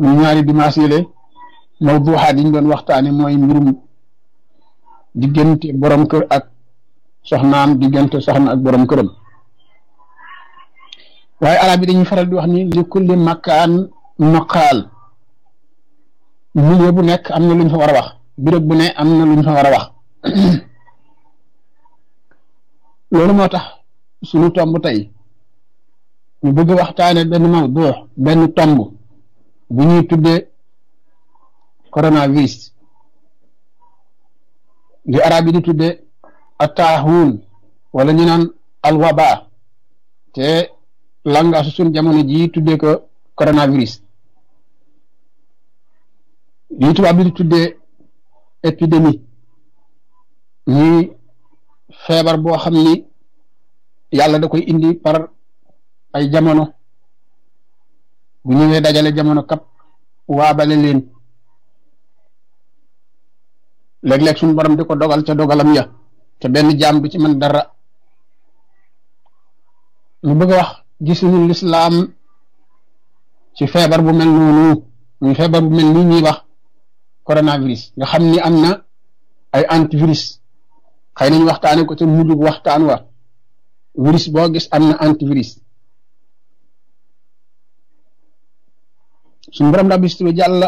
ñaari dimanche yele mawduuxaat yi ñu doon waxtaane mooy mbirum diggante borom kër ak soxnaam diggante soxna ak borom këram waaye arab yi dañuy faral di wax ni li kulli makaan maqaal milieu bu nekk am na luñ fa war a wax béréb bu ne am na luñ fa war a wax loolu moo tax sunu tomb tey ñu bëgg waxtaane benn mawduux benn tomb bu ñuy tuddee coronavirus li arab yi di tuddee attaahuun wala ñu naan alwaba te langa su suñ jamono jii tuddee ko coronavirus li tubaab bi di tuddee épidémie ñuy feebar boo xam ni yàlla da koy indi par ay jamono bu ñëwee dajale jamono kap waabale leen léeg-léeg suñu borom diko dogal ca dogalam ya ca benn jam, bi ci man dara mu bëgg wax wax ñu l'islam ci feebar bu mel nonu ñu feebar bu mel ni ñi wax coronavirus nga xamni ni ay antivirus xëy nañ waxtaane ko ca mudu waxtaan wa virus bo gis amna antivirus su borom daa bis tudd jàll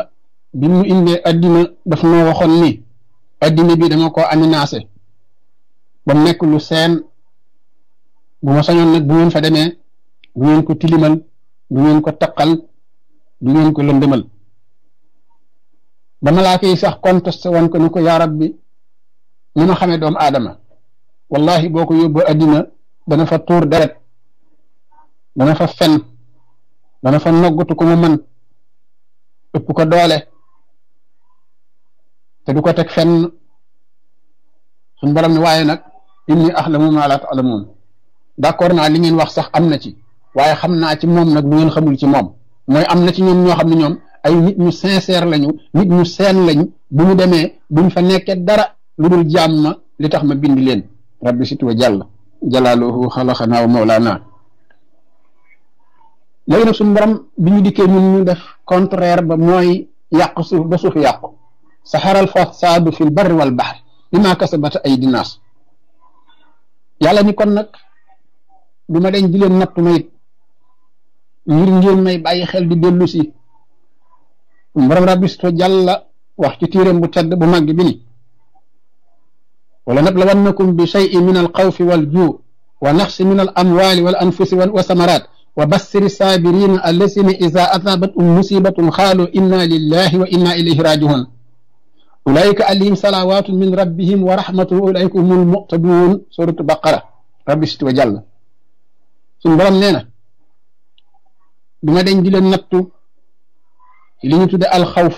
bi mu indee addina daf noo waxoon ni addina bi dama koo aménacé ba mu nekk lu seen bu ma sañoon nag bu ngeen fa demee du ngeen ko tilimal du ngeen ko taqal du ngeen ko lëndëmal ba malaaka yi sax contesté woon ko ni ko yaa rabbi ni ma xamee doomu aadama wallahi boo ko yóbboo addina dana fa tuur deret dana fa fen dana fa noggutu ko ma man ëpp ko doole te du ko teg fen suñ borom ni waaye nag inni axlamu maa laa ta'lamuun d'accord naa li ngeen wax sax am na ci waaye xam naa ci moom nag bu ngeen xamul ci moom mooy am na ci ñoom ñoo xam ne ñoom ay nit ñu sincère lañu nit ñu seen lañ bu ñu demee buñ fa nekkee dara lu dul jàmm li tax ma bind leen rabbi situwa jàll jalaaluhu xalaxanaa wa mawlaanaa léegi nag suñu borom biñu ñu ñun ñu def contraire ba moy yaq su ba suuf al fasad fi al barri wal bahr bima kasabat aydi nas yalla ni kon nak du dañ di leen nat may ngir ngeen may bayyi xel di delu ci borom jalla wax ci bu tedd bu mag bi ni wala nablawannakum bi shay'in min al xawfi wal ju' wa naqsi min al amwal wal anfus wa samarat وبشر الصابرين الذين إذا أصابتهم مصيبة قالوا إنا لله وإنا إليه راجعون أولئك عليهم صلوات من ربهم ورحمة أولئك هم المؤتدون سورة بقرة رب ست وجل suñ borom nee na duma deñ di leen nattu ci li ñu tudde alxawf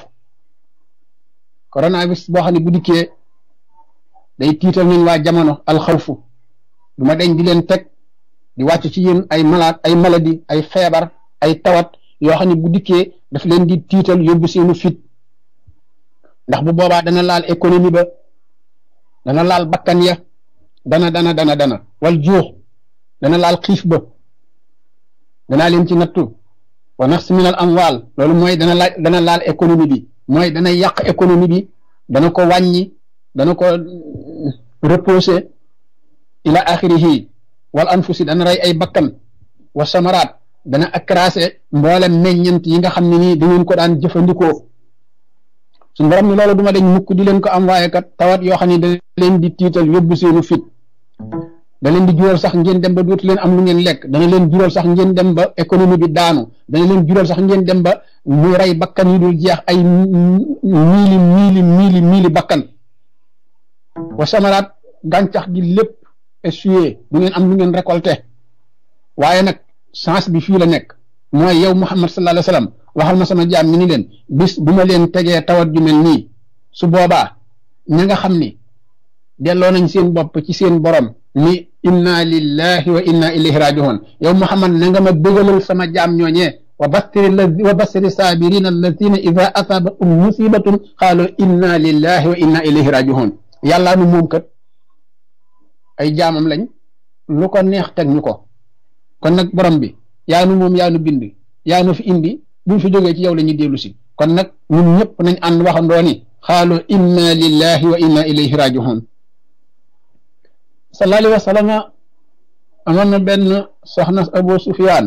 coronavirus boo xam ne bu dikkee day tiital nañ waa jamono alxawfu duma deñ di leen teg di wàcc ci yéen ay malade ay maladie ay feebar ay tawat yoo xam ne bu dikkee daf leen di tiital yóbbu seenu fit ndax bu boobaa dana laal économie ba dana laal bakkan ya dana dana dana dana wal juux dana laal xiif ba danaa leen ci nattu wa naqs min al amwal loolu mooy dana laal dana laal économie bi mooy dana yàq économie bi dana ko wàññi dana ko mm, repousser ila axirihi wal anfusi dana ray ay bakkan wa samarat dana accrasé mbolam meññant yi nga xamni ni nii dangeen ko daan jëfëndiko sun borom ni loolu duma dañ mukk di leen ko am waaye kat tawat yoo xam ne da leen di tiital yóbbu seenu fit da leen di jural sax ngeen dem ba dootu leen am lu ngeen lekk dana leen jural sax ngeen dem ba économie bi daanu dana leen jural sax ngeen dem ba mu ray bakkan yi dul jeex ay mili mili mili mili bakkan wa samarat gàncax gi lépp essuyé du ngeen am lu ngeen récolté waaye nag chance bi fii la nekk mooy yow Muhammad sallallahu alayhi wa sallam waxal ma sama jaam mi ni leen bis bu ma leen tegee tawat ju mel nii su boobaa ña nga xam ni delloo nañ seen bopp ci seen borom ni inna lillahi wa inna ilayhi rajiun yow Muhammad na nga ma bégalal sama jaam ñooñee wa bassiri wa bassiri saabirina allazina ida asaabatum musibatun qaalu inna lillahi wa inna ilayhi rajiun yàllaa nu moom kat ay jaamam lañ lu ko neex teg ñu ko kon nag borom bi yaa nu moom yaa nu bind yaa nu fi indi buñ fi jógee ci yow la ñuy dellu kon nag ñun ñëpp nañ ànd waxandoo ni xaalu inna lillahi wa inna ilayhi rajiun sallallahu wa sallam amoon na benn soxna Abu Sufyaan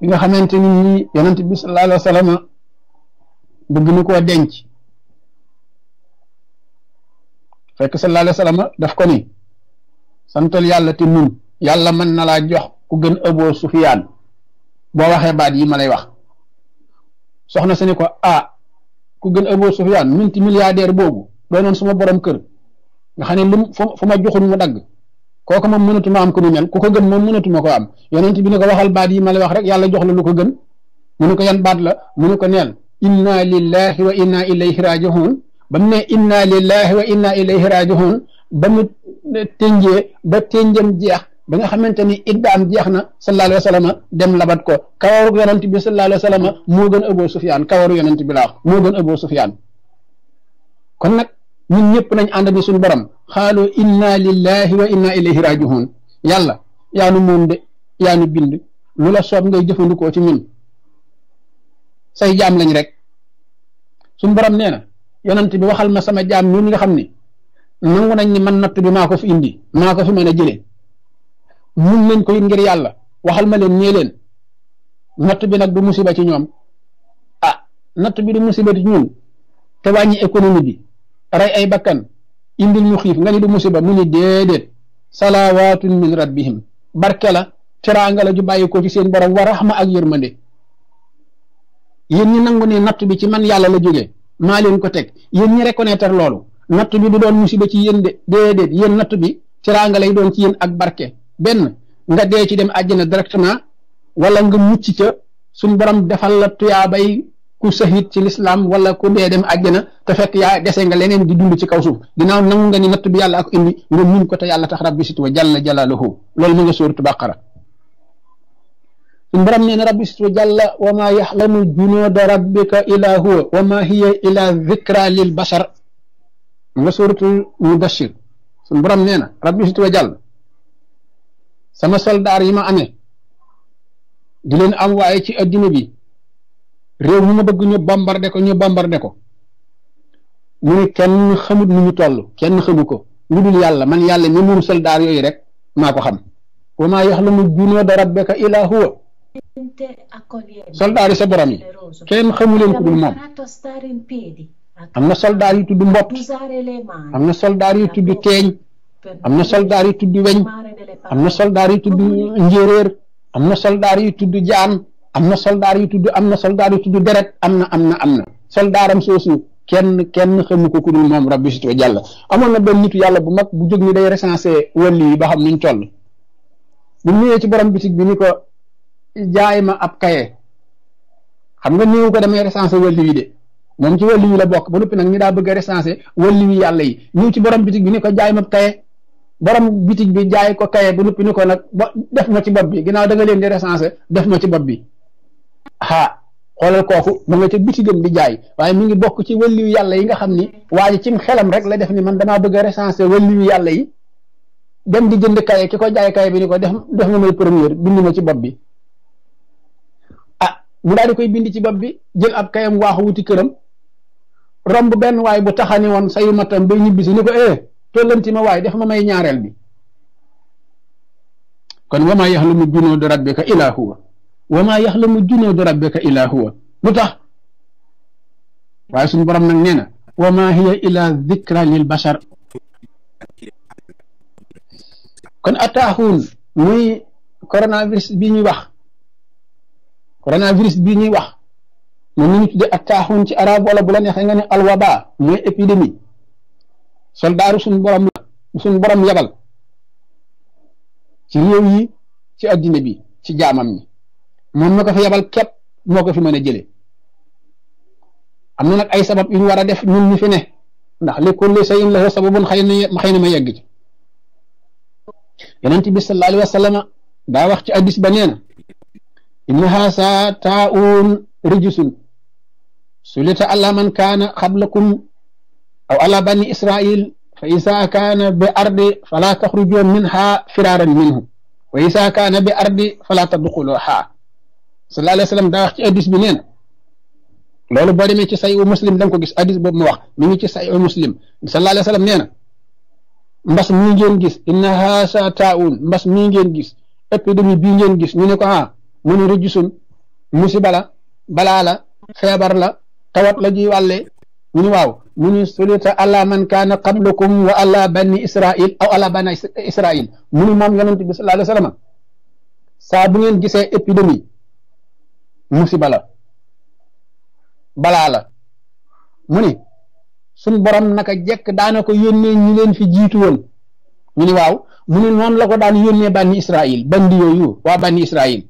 bi nga xamante ni yonent bi sallallahu alayhi wa sallam bëgg na koo denc fekk sallallahu alayhi wa sallam daf ko ni santal yàlla ti mun yàlla man na laa jox ku gën Abu Sufyaan boo waxee baat yi ma lay wax soxna si ni ko ah ku gën Abu Sufyaan minti milliardaire boobu doonoon suma borom kër nga xam ne lim fu ma joxul mu dagg kooku moom mënatuma am ku nu mel ku ko gën moom mënatuma ko am yonent bi ne ko waxal baat yi ma lay wax rek yàlla jox la lu ko gën mu ko yan baat la mu ne ko neel inna lillahi wa inna ilayhi rajiun ba mu ne inna lillahi wa inna ilayhi rajiun ba mu ba tënjam jeex ba nga xamante ni iddaam jeex na sallallahu alayhi wa dem labat ko kawaru yonent bi sallallahu alayhi moo gën Abu Sufyaan kawaru yonent bi laa moo gën Abu Sufyaan kon nag ñëpp nañ ànd ni suñu borom xaalu inna lillahi wa inna ilayhi rajiun yàlla yaa nu yaa nu bind lu ngay jëfandikoo ci ñun say lañ rek suñu borom nee na yonent bi waxal ma sama jaam ñun nga xam ne nangu nañ ni man natt bi maa ko fi indi maa ko fi ma a jëlee mun nañ ko it ngir yàlla waxal ma leen ñee leen natt bi nag du musiba ci ñoom a ah, natt bi du musiba ci ñun te wàññi économie bi rey ay bakkan indil ñu xiif nga ni du musiba mu ni déedéet salawaatun min rabbihim barke la teraanga la ju bàyyi ko ci seen borom wa ma ak yërmande yéen ñi nangu ne natt bi ci man yàlla la jógee maa leen ko teg yéen ñi reconnaître loolu natt bi du doon musiba ci yéen de déedéet yéen natt bi teraanga lay doon ci yéen ak barke benn nga dee ci dem àjjana directement wala nga mucc ca suñ borom defal la tuyaabay ku sahit ci lislaam wala ku dee dem àjjana te fekk yaa dese nga leneen di dund ci kaw suuf ginnaaw nangu nga ni natt bi yàlla ak indi nga mun ko te yàlla tax rabbi sit wa jalla jalaaluhu loolu mu nga sóoratu baqara suñu borom nee na rabbi situ jàlla wa maa yaxlamu junuuda rabbika ila huwa wa maa hiya ila zikra lil bashar nga suuratul mubashir suñu borom nee na rabbi situ sama soldaar yi ma amee di leen am waaye ci addina bi réew mu ma bëgg ñu bombardé ko ñu bombardé ko mu ne kenn xamut nu ñu toll kenn xamu ko lu dul yàlla man yàlla mi moom soldaar yooyu rek maa ko xam wa maa yaxlamu junuuda rabbika ila huwa soldaar yi sa borom yi kenn xamuleen ku moom am na soldaar yu tudd mbott am na soldaar yu tudd teeñ am na soldaar yu tudd weñ am na soldaar tudd am na soldaar yu tudd jaan am na soldaar yu tudd am na deret am na am na am na soldaaram soosu kenn kenn xamu ko ku dul moom rabbi sutwa na benn nitu yàlla bu mag bu jóg ni day recensé wàll ba xam nuñ toll bu ñëwee ci borom bitig bi ni ko jaay ma ab kaye xam nga néew ko damay recensé wàllu yi de moom ci wàllu la bokk ba noppi nag ñu daa bëgg a recensé wàllu yi yàlla yi ci borom bitig bi ni jaay ma ab kaye borom bi jaay ko kaye ba noppi ni ko nag ba def ma ci bopp bi ginnaaw da nga leen di recensé def ma ci bopp bi ah xoolal kooku mu nga ca bitigam jaay waaye mi ngi bokk ci wàllu yàlla yi nga xam ni waa ji cim xelam rek la def ni man damaa bëgg a recensé wàllu yàlla yi dem di jënd kaye ki ko jaay kaye bi ni ko def def nga may première bind ma ci bopp bi mu daal di koy bind ci bopp bi jël ab kayam waaxu wuti këram romb benn waay bu taxani woon sayu matam bay ñibbisi ni ko eh tollanti ma waay def ma may ñaareel bi kon wama yaxlamu junuudu rabbika ila huwa wama yaxlamu junuudu rabbika ila huwa lu waaye borom nag nee wama hiya ila dhikra lil bashar kon atahun muy coronavirus bi ñuy wax coronavirus bii ñuy wax moom la ñu tuddee ak ci arab wala bu la neexee nga ne alwaba mooy épidémie soldaaru suñ borom suñ borom yabal ci réew yi ci addina bi ci jaamam ñi moom moo ko fi yabal képp moo ko fi mën a jëlee am na nag ay sabab yu war a def ñun ñu fi ne ndax li kulli shay'in lahu sababun xëy na xëy na ma yegg ci yonent bi sallallahu alayhi daa wax ci addis ba nee innaha saa taa'un rijusun sulita ala man kaana qablakum aw ala bani israil fa isa kaana bi ardi fala taxrujo minha firaran minhu wa isa kaana bi ardi fala tadxuluha sallallahu alayhi wa sallam daa wax ci bi nee na loolu boo demee ci say u muslim da ko gis addis boobu mu wax mi ngi ci say u muslim sallallahu alayhi wa sallam mbas mii gis innaha saa taa'un mbas mii ngeen gis épidémie bii ngeen gis ñu ne ko ah mu ni rëjusun musiba la balaa la feebar la tawat la juy wàlle mu ni waaw mu ni sulita ala man kaana qablakum wa ala bani israil aw ala bani israil mu moom yonent bi sallallahu alayhi wa sallam bu ngeen gisee épidémie musiba la balaa la mu ni suñ borom naka jekk daana ko yónnee ñi fi jiitu woon ni waaw mu ni noonu la ko daan yónnee bani israil bandi yooyu waa bani israil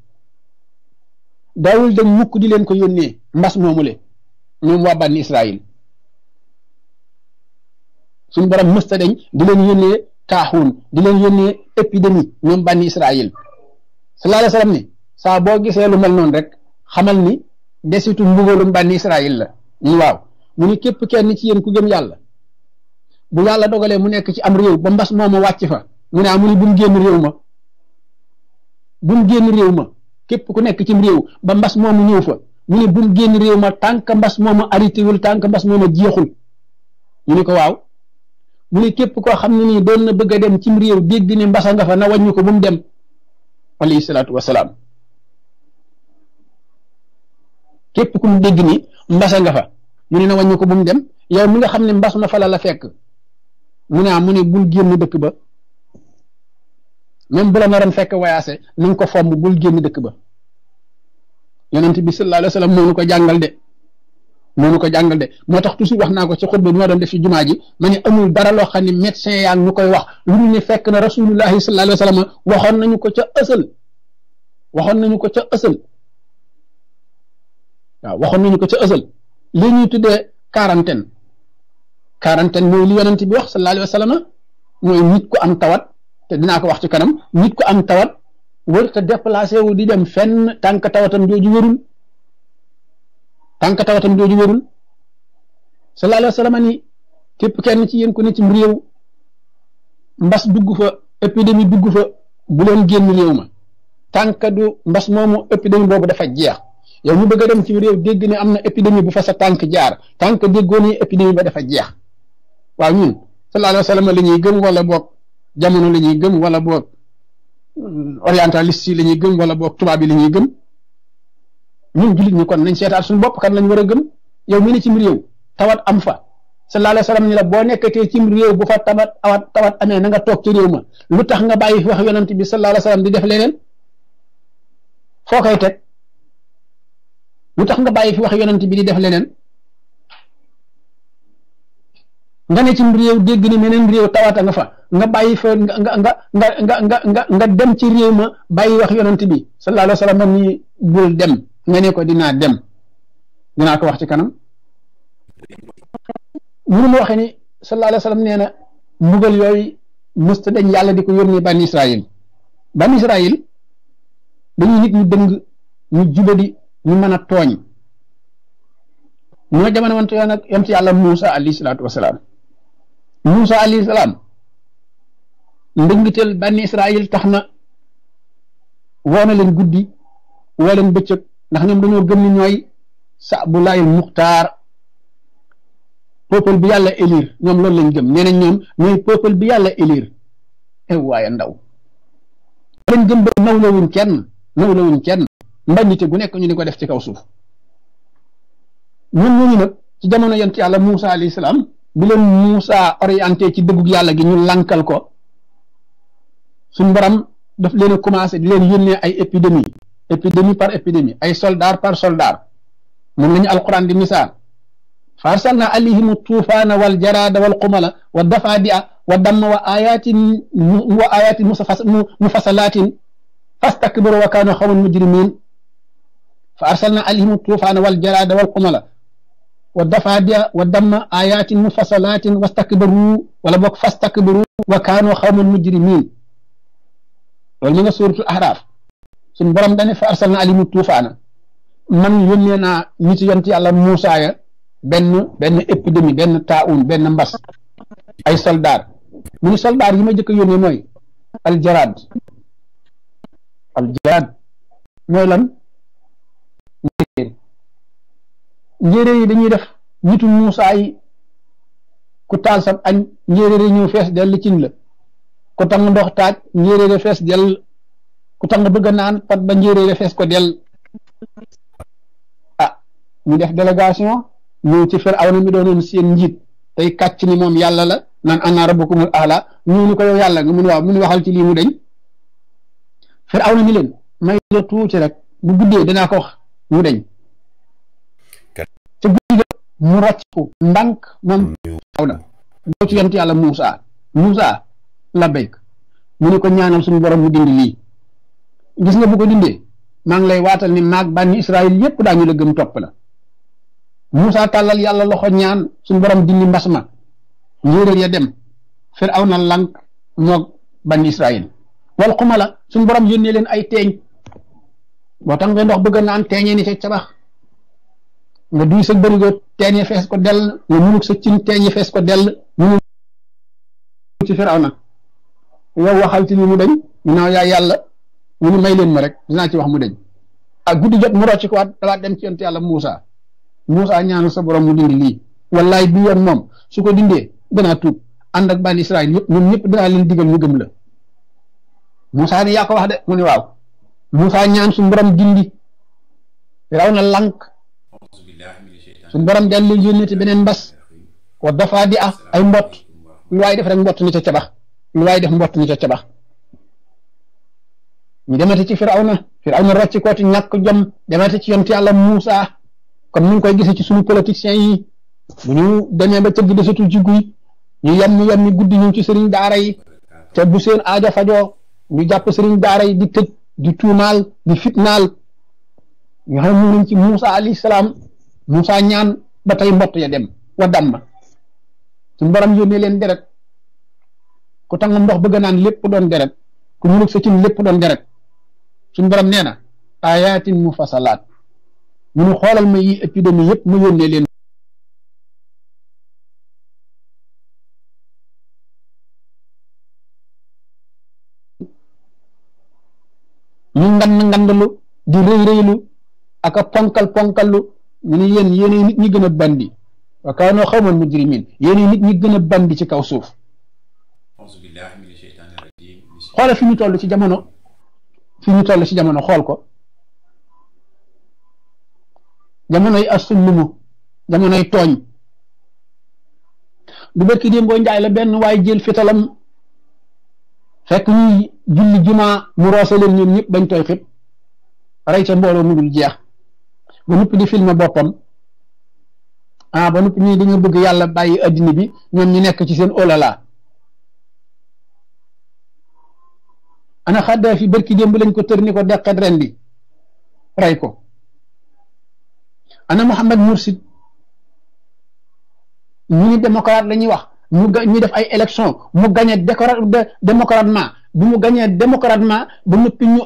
dawul dañ mukk di leen ko yónnee mbas moomule ñoom waa bànni israil suñ borom mësta dañ di leen yónnee kaaxuun di leen yónnee épidémie ñoom bànni israil sallallahu alayhi wasallam ni saa boo gisee lu mel noonu rek xamal ni desitu mbugalum bànni israil la ñu waaw mu ni képp kenn ci yéen ku gëm yàlla bu yàlla dogalee mu nekk ci am réew ba mbas moomu wàcc fa mu ne amul ah, bu mu génn réew ma bu mu génn réew ma képp ku nekk cim réew ba mbas moomu ñëw fa mu ne génn réew ma tànk mbas moomu arrêté wul tànk mbas moomu jeexul ñu ne ko waaw mu ne képp koo xam ne nii doon na bëgg a dem cim réew dégg ne mbasa nga na wàññi ko bu dem alayhi salaatu wasalaam képp ku mu dégg ni mbasa nga fa mu ne na wàññi ko bu mu dem yow mi nga xam ne mbas ma fa la fekk mu a ah mu ne bul génn dëkk ba même bu la naroon fekk wayaase na nga ko fomb bul génn dëkk ba yonent bi sallallahu alayhi wa moo nu ko jàngal de moo ko jàngal moo tax toujours wax naa ko ci xutba bi ma doon def ci jumaa ji ma amul dara loo xam ne médecin yaa ngi ñu koy wax lu ñu ne fekk na rasulullahi sallallahu alayhi wa sallam waxoon nañu ko ca ësal waxoon nañu ko ca ësal waaw waxoon nañu ko ca ësal li ñuy tuddee quarantaine quarantaine mooy li yonent bi wax sallallahu alayhi wa sallam mooy nit ku am tawat te dinaa ko wax ci kanam nit ko am tawat wër te déplacé di dem fenn tànk tawatam jooju wërul tànk tawatam jooju wërul sallallahu alayhi wa sallam ni képp kenn ci yéen ku ne ci réew mbas dugg fa épidémie dugg fa bu leen génn réew ma tànk du mbas moomu épidémie boobu dafa jeex yow mu bëgg a dem ci réew dégg ne am na épidémie bu fa sa tànk jaar tànk déggoo ni épidémie ba dafa jeex waaw ñun sallallahu alayhi wa ñuy gëm wala boog jamono lañuy gëm wala boog orientaliste yi la ñuy gëm wala boog tubaab yi la gëm ñun jullit ñi kon nañ seetaat suñu bopp kan lañ war a gëm yow mi ne cim réew tawat am fa sallallahu alayhi wa sallam la boo nekkatee cim réew bu fa tawat awat tawat amee na nga toog ci réew ma lu tax nga bàyyi wax yonent bi sallallahu alayhi wa di def leneen foo koy teg lu tax nga bàyyi fi wax yonent bi di def leneen nga ne ci réew dégg ni meneen réew tawata nga fa nga bàyyi fa nga nga nga nga nga nga nga dem ci réew ma bàyyi wax yonent bi sallallahu alayhi wa sallam ni bul dem nga ne ko dinaa dem dinaa ko wax ci kanam mënu ni sallallahu alayhi wa na mbugal yooyu mësta dañ yàlla di ko yónnee ban Israël ban Israël dañuy nit ñu dëng ñu jubadi ñu mën a tooñ ñoo jamono wante yoon ak yam yàlla Muusa alayhi salaatu wasalaam Moussa alayhi salaam ndëngital bànni Israël tax na woona leen guddi woo leen bëccëg ndax ñoom dañoo gëm ni ñooy Sabulayil Muxtaar peuple bi yàlla élire ñoom loolu lañ gëm nee nañ ñoom ñooy peuple bi yàlla élire ew waaye ndaw lañ gëm ba nawlawuñ kenn nawlawuñ kenn mbañite gu nekk ñu ni ko def ci kaw suuf ñun ñooñu nag ci jamono yent yàlla Moussa alayhi salaam bu musa Moussa orienté ci dëggug yàlla gi ñu lankal ko suñ borom daf leen a commencé di leen yónnee ay épidémie épidémie par épidémie ay soldar par soldar moom la ñu alquran di misaal fa arsalna alayhim tuufaana wal jarada wal qumala wa dafaadia wa damma wa ayatin wa ayatin mufasalatin fastakbaru wa kaanu xawman mujrimin fa arsalna alayhim tuufaana wal jarada wal qumala wa dafaadiya wa damma ayatin mufassalatin wastakbaru wala boog fastakbaru wa kaanu xawman mujrimin loolu ñu nga suuratul ahraaf borom dane fa arsalna alimu tuufaana man yónnee naa ñi ci yont yàlla Muusaa ya benn benn épidémie benn taawun benn mbas ay soldaar mu soldaar yi ma jëkk a yónnee mooy aljaraad lan njéeré yi dañuy def nitu Moussa yi ku taal sab añ njéeré ñu fees del ciñ la ku tang ndox taaj njéeré fees del ku tang bëgg naan pat ba re fees ko del ah ñu def délégation ñu ci fer aw na mi doonoon seen njit tay katch ni mom yalla la nan ana rabbukumul ahla ñu ni ko yow yalla nga mun wa mun waxal ci li mu dañ fer aw na mi leen may do tuuti rek bu guddé dana ko wax mu dañ ci guddi mu roccu ndànk moom Daawda do ci yent yalla musa musa la bekk mu ni ko ñaanal suñu borom mu dindi li gis nga bu ko dindé ma ngi lay waatal ni mag bani Israël yépp ñu la gëm top la musa talal yalla loxo ñaan suñu borom dindi mbassma ya dem Firawna lank moog bani Israël wal qumala suñu borom yonne len ay teñ boo tax nga ndox bëgg naan ni ci nga duy sa bërigo teen ya fees ko del ñu muluk sa ci teen fess ko del ñu ci firawna yow waxal ci ni mu dañ mu naaw yaa yàlla mu may leen ma rek dina ci wax mu dañ ak guddi jot mu rocc ko wat dalaat dem ci yent yalla musa musa ñaanu sa borom mu dindi li wallahi bi yon mom su ko dindé dana tuub and ak bànni Israël ñepp ñun ñepp dina leen digal ñu gëm la musa ni ya ko wax de mu ni waaw musa ñaan su borom dindi raw lank sun borom delu yónni benen beneen mbas wa dafa di af ay mbott lu way def rek mbott ni ca cabax lu way def mbott ni ca cabax ni demati ci fir'auna fir'auna rocci ti ñak jom demati ci yonti yàlla musa kon ñu ngi koy gisee ci suñu politiciens yi bu ñu dañe ba ci gude ci guy ñu ñu yam ni guddi ñu ci serigne daara yi ca bu seen aja fajo ñu japp serigne daara yi di tëj di tuumaal di fitnal ñu xam ci musa alayhi salam musa ñaan ba tay mbott ya dem wa damm suñu borom yone len deret ku tang ndox bëgg naan lepp doon deret ku mulug sa ci lepp doon deret sun borom neena ayatin mufassalat mu xolal ma yi épidémie yépp ma yónnee leen ñu ngand ngandlu di reey ak ponkal lu. ñu ne yéen yéenay nit ñi gën a bandi wa kaanoo xawman mujrimin yéenay nit ñi gën a bandi ci kaw suuf xoolal fi ñu toll ci jamono fi ñu toll ci jamono xool ko jamonoy assulluma jamonoy tooñ du bëkki démboo njaay la benn waaye jël fitalam fekk ñuy julli jumaa mu roose leen ñëpp bañ tooy xib rey ca mbooloo mu dul jeex ba ñëpp di filmer boppam ah ba ñëpp ni dañu bëgg yàlla bàyyi adina bi ñoom ñu nekk ci seen olala ana fi barki démb lañ ko tër ni ko deqet ren di ray ko ana Mohamed mursid ñu ni démocrate la wax mu ñu def ay élection mu gagné démocratement bu mu gagné démocratement bu noppi ñu.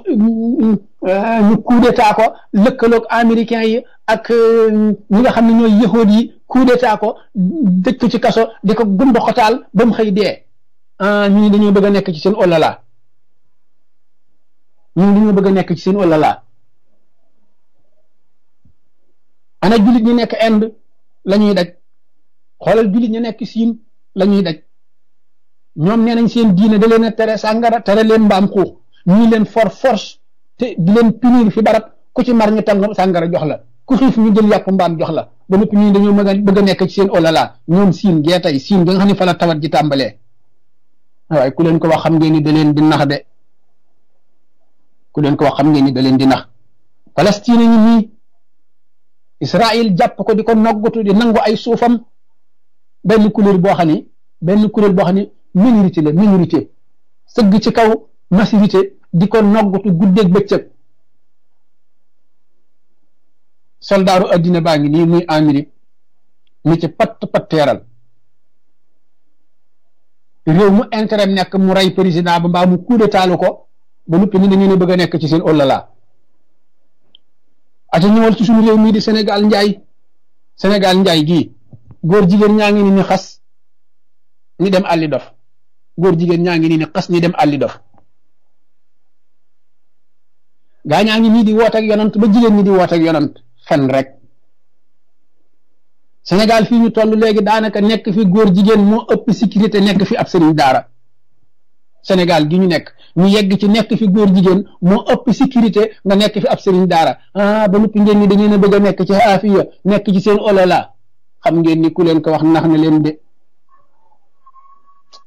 Euh, ñu coup d'état ko lëkkaloog américain yi ak euh, ñi nga xam ne ñooy yahood yi coup d'état ci kaso di ko gumba xotaal ba mu xëy dee ah, ñu ni dañoo bëgg a nekk ci seen olala ñu ni dañoo bëgg a nekk ci seen olala ana jullit ñu nekk ind lañuy ñuy daj xoolal jullit ñi nekk Siin la ñuy daj ñoom nee nañ seen diine da leen a tere sàngara tere leen mbaam xuux ñuy leen for force te di leen punir fi barab ku ci mar ñu tàng sàngara jox la ku xiif ñu jël yàpp mbaam jox la ba noppi ñun dañoo ma a bëgg a nekk ci seen olala ñoom siin gee tey siin ga nga xam ne fa la tawat ji tàmbalee waaye ku leen ko wax xam ngeen ni da leen di nax de ku leen ko xam ngeen ni leen di nax Palestine ñi nii Israël jàpp ko di ko noggatu di nangu ay suufam benn kuréel boo xam ni benn kuréel boo xam ni minorité la minorité sëgg ci kaw majorité di ko noggutu guddeeg bëccëg soldaaru addina baa ngi nii muy Amérique ni ci patt patteeral réew mu intérêt nekk mu rey président ba mbaa mu coup d'état ko ba noppi ni dañu ne bëgg a nekk ci seen olala aca ñëwal ci suñu réew mii di Sénégal njaay senegal njaay gii góor jigéen ñaa ngi ni ni xas ñi dem àlli dof góor jigéen ñaa ngi ni ni xas ñi dem àlli dof gaañaa ngi nii di woote ak yonant ba jigéen ñi di woote ak yonant fen rek Sénégal fii ñu toll léegi daanaka nekk fi góor jigéen moo ëpp sécurité nekk fi ab sëriñ daara gi ñu nekk ñu yegg ci nekk góor jigéen moo ëpp sécurité nga nekk fi ab sëriñ daara ah ba noppi ngeen ni dañu ne bëgg a nekk ci aafiya nekk ci seen olola xam ngeen ni ku leen ko wax nax na leen de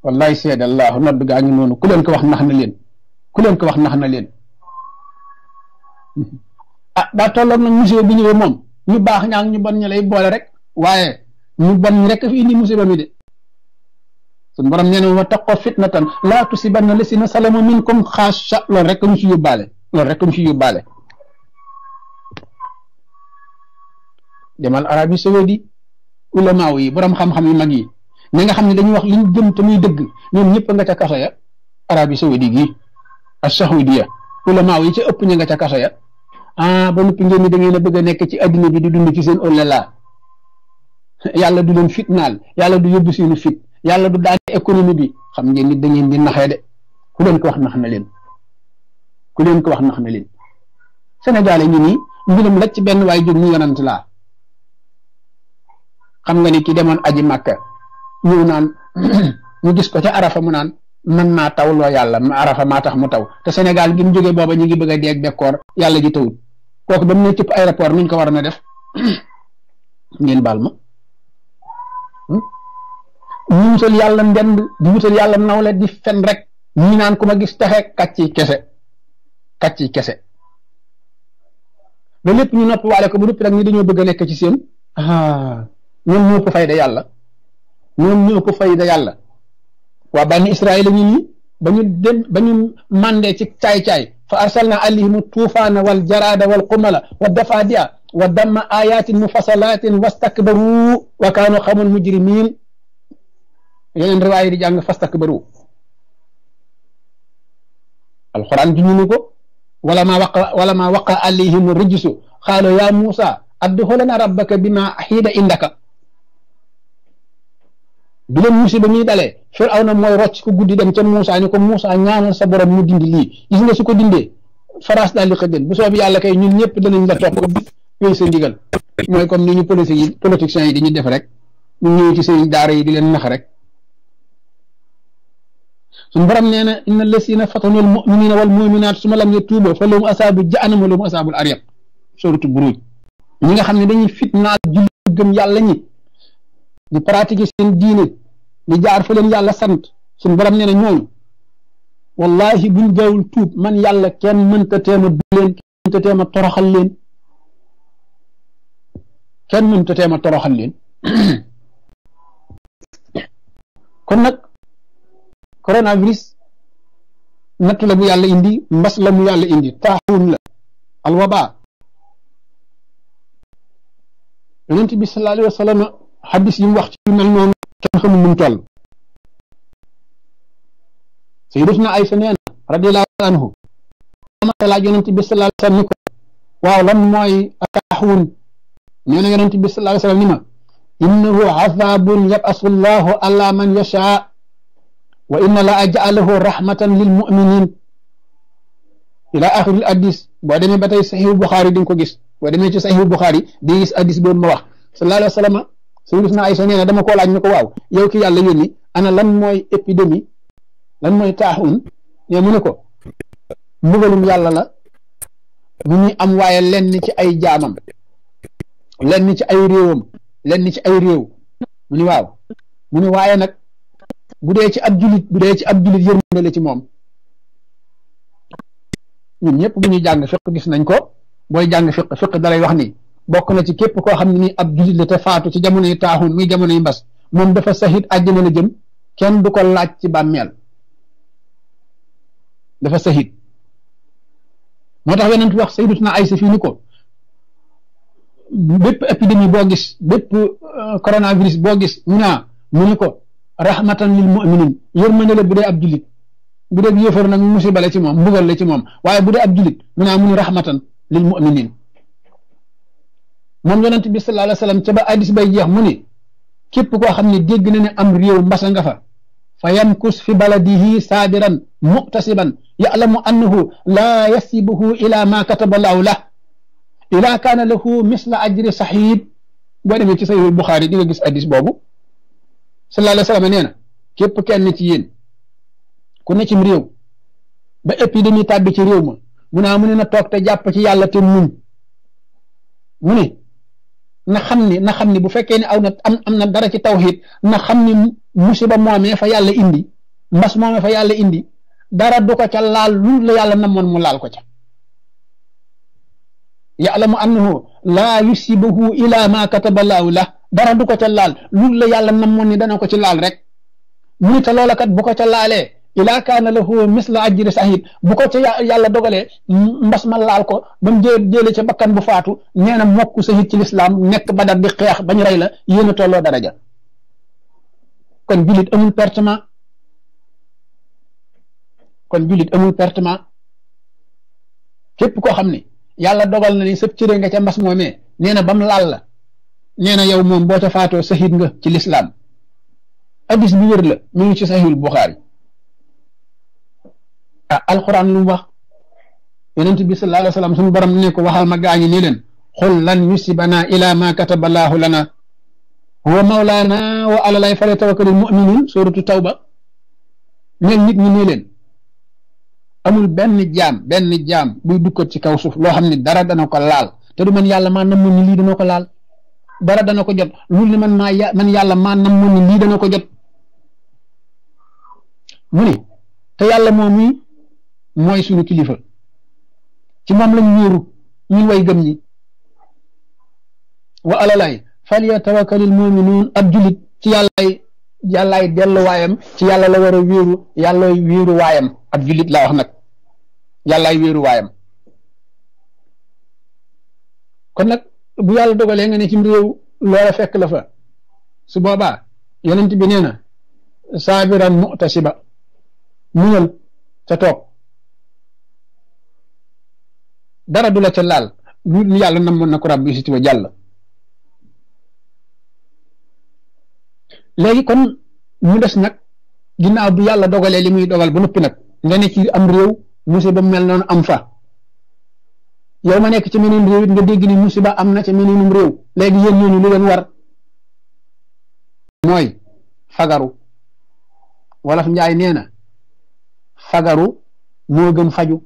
wallahi seedallahu nodd gaa ngi noonu ku leen ko wax nax na leen ku leen ko wax nax na leen da ah, daa na musée bi ñëwee mom ñu bax ñang ñu ban ñu lay boole rek waaye ñu ban ñi rek fi indi musée bi de sun borom nee wa taqo fitnatan la tusibanna lasina salamu minkum khashsha lo rek ñu ci yóbbaale lo rek ñu ci yóbbaale demal arabi saudi ulama yi borom xam-xam yu mag yi ñi nga xam dañuy wax liñ gëm te dëgg ñoom ñëpp nga ca ya. arabi saudi gi ash-shahudiyya ulama yi ci ëpp ñi nga ca ah ba noppi ngeen ni da ngeen a bëgg a nekk ci adduna bi di dund ci seen olala yàlla du leen fitnaal yàlla du yóbbu seenu fit yàlla du daane économie bi xam ngeen ni da ngeen di naxee ku leen ko wax nax na leen ku leen ko wax na leen Sénégal ñu ni mbirum lacc benn waaye jóg ñu yonant laa xam nga ni ki demoon aji màkka mu naan ñu gis ko ca arafa mu naan man maa taw loo yàlla ma arafa maa tax mu taw te Sénégal gi mu jógee booba ñu ngi bëgg a deeg bekkoor yàlla ji tawut kooku ba mu ne cëpp aéroport nuñ ko war a def ngeen baal ma ñu hmm? wutal yàlla ndend di wutal yàlla nawle di fen rek ñi naan ku ma gis texe kàcci kese kàcci kese ba lépp ñu nopp waale ko bu noppi rek ñi dañoo bëgg a nekk ci seen ah, ñoom ñoo ëpp fayda yàlla ñoom ñoo ëpp fayda yàlla waa bànni Israël la ñu nii ba ñu dem ba ñu mandee ci caay-caay فأرسلنا عليهم الطوفان والجراد والقمل والضفادع ودم آيات مفصلات واستكبروا وكانوا خم المجرمين ينن رواية رجعنا فاستكبروا القرآن جنونكو ولا ما وقع ولا ما وقع عليهم الرجس قالوا يا موسى أدخلنا ربك بما حيد عندك bi leen musiba mi dalee Firawna mooy rocc ko guddi dem ca Moussa ni ko Moussa ñaanal sa borom mu dindi lii gis su ko dindee faraas daal di xëjal bu soob yàlla kay ñun ñëpp danañ la topp yooyu sa ndigal mooy comme ni ñu politique yi politiciens yi dañuy def rek ñu ñëw yi di leen nax rek suñu borom nee na inna lasina fatanu al muminina wal muminaat suma lam yatuuba fa lahum asaabu jaanam wa lahum asaabul aryam suratu buruj ñi nga xam ne dañuy fitnaal julli gëm yàlla ñi di pratiquer sen diine di jaar fa leen yàlla sant suñ borom nee na ñooñu wallahi buñ gaawul tuub man yàlla kenn mënta teema du leen kenn mënta teema toroxal leen kenn mënta teema toroxal leen kon nag coronavirus natt la bu yàlla indi mbas la mu yàlla indi taaxuun la alwaba yonent bi sallallahu alayhi wa sallam hadis yi wax ci mel non kenn xamul mu toll sayyidina aisha nee na radiyallahu anhu amata laaj yonent bi sallallahu alayhi wasallam ko waaw lan moy akahun nee na yonent bi sallallahu alayhi wasallam ni ma innahu azabun yabasu allahu ala man yasha wa inna la aj'alahu rahmatan lil mu'minin ila akhir al hadis bo demé batay sahih Bukhari ding ko gis bo demé ci sahih Bukhari di gis hadis bo ma wax sallallahu alayhi wasallam suñu gis naa Aysa nee na dama koo laaj ni ko waaw yow ki yàlla yónni ana lan mooy épidémie lan mooy taaxun ne mu ne ko mbugalum yàlla la mu ñuy am waaye lenn ci ay jaamam lenn ci ay réewam lenn ci ay réew mu ni waaw mu ni waaye nag bu dee ci ab julit bu dee ci ab julit yërmande la ci moom ñun ñëpp bu ñu jàng fiq gis nañ ko booy jàng fiq fiq dalay wax ni bokk na ci képp koo xam ne nii ab jullit la te faatu ci jamonoy taaxun muy jamonoy mbas moom dafa saxit àjjana la jëm kenn du ko laaj ci bàmmeel dafa saxit moo tax yonent wax sayyidatuna Aysa fii ni ko bépp épidémie boo gis bépp euh, coronavirus boo gis ñu naa mu ni ko rahmatan lil mu'minin yërmande bu dee ab jullit bu dee yëfar na musiba la ci moom mbugal le ci moom waaye bu dee ab jullit mu naa mu ni rahmatan lil mu'minin moom yonent bi sallallahu alayhi wa sallam ca bay jeex mu ne képp koo xam ne dégg na ne am réew mbasa nga fa fa yamkus fi baladihi saabiran muqtasiban ya'lamu annahu laa yasibuhu ila ma kataba laaw la ila kaana lahu misla ajri saxiib boo demee ci saxiihul Buxaari di nga gis addis boobu sallallahu alayhi wa sallam nee na képp kenn ci yéen ku ne cim réew ba épidémie tàbbi ci réew ma mu naa ah, mu jàpp ci yàlla te na xam ni na xam ni bu fekkee ne aw na am am na dara ci tawxiid na xam ni musiba moomee fa yàlla indi mbas moomee fa yàlla indi dara du ko ca laal lu la yàlla namoon mu laal ko ca yaalamu annahu laa yusibahu ila ma kataba laahu la dara du ko ca laal lu la yàlla namoon ni dana ko ci laal rek mu ni te loola kat bu ko ca laalee ila kaana lahu misla ajri sahid bu ko ca yàlla dogalee mbas ma laal ko ba mu jé ca bakkan bu faatu nee na mokku sahid ci lislaam nekk badar bi xeex bañ rey la yéen a tolloo daraja kon jullit amul pertement kon jullit amul pertement képp koo xam ne yàlla dogal na ni sëb cëre nga ca mbas moomee nee na ba mu laal la nee na yow moom boo ca faatoo sahid nga ci lislaam hadis bi wér la mu ngi ci a lu mu wax yonent bi sallallahu alayhi wa sallam suñu borom ne ko waxal ma gaañi nii leen xul lan yusibana ila ma kataballaahu lana huwa mawlaana wa alalay fale tawakkalul muminuun suratu tawba ñeen ni ñi nii leen amul benn jaam benn jaam buy dukkat ci kaw suuf loo xam ne dara dana ko laal te du man yàlla maa nam ni lii ko laal dara dana ko jot lul ne man maa ya man yàlla maa nam ni lii ko jot mu ne yàlla moom mooy suñu kilifa ci moom lañ wóoru ñun way gëm ñi wa alalaay fal yatawakkalil muminuun ab julit ci yàllaay yàllaay delluwaayam ci yàlla la war a wéeru yàlla wéeru waayam ab julit laa wax nag yàllaay wéeru waayam kon nag bu yàlla dogalee nga ne ci réew loola fekk la fa su boobaa yonent bi nee na saabiran mu'tasiba muñal ca toog dara du la ca laal lu yàlla namoon na ko ràbb si tuba jàll léegi kon mu des nag ginnaaw bu yàlla dogalee li muy dogal ba noppi nag nga ne ci am réew musiba mel noonu am fa yow ma nekk ci meneen réew nga dégg ni musiba am na ca meneenum réew léegi yéen ñooñu lu leen war mooy fagaru wolof njaay nee na fagaru moo gën faju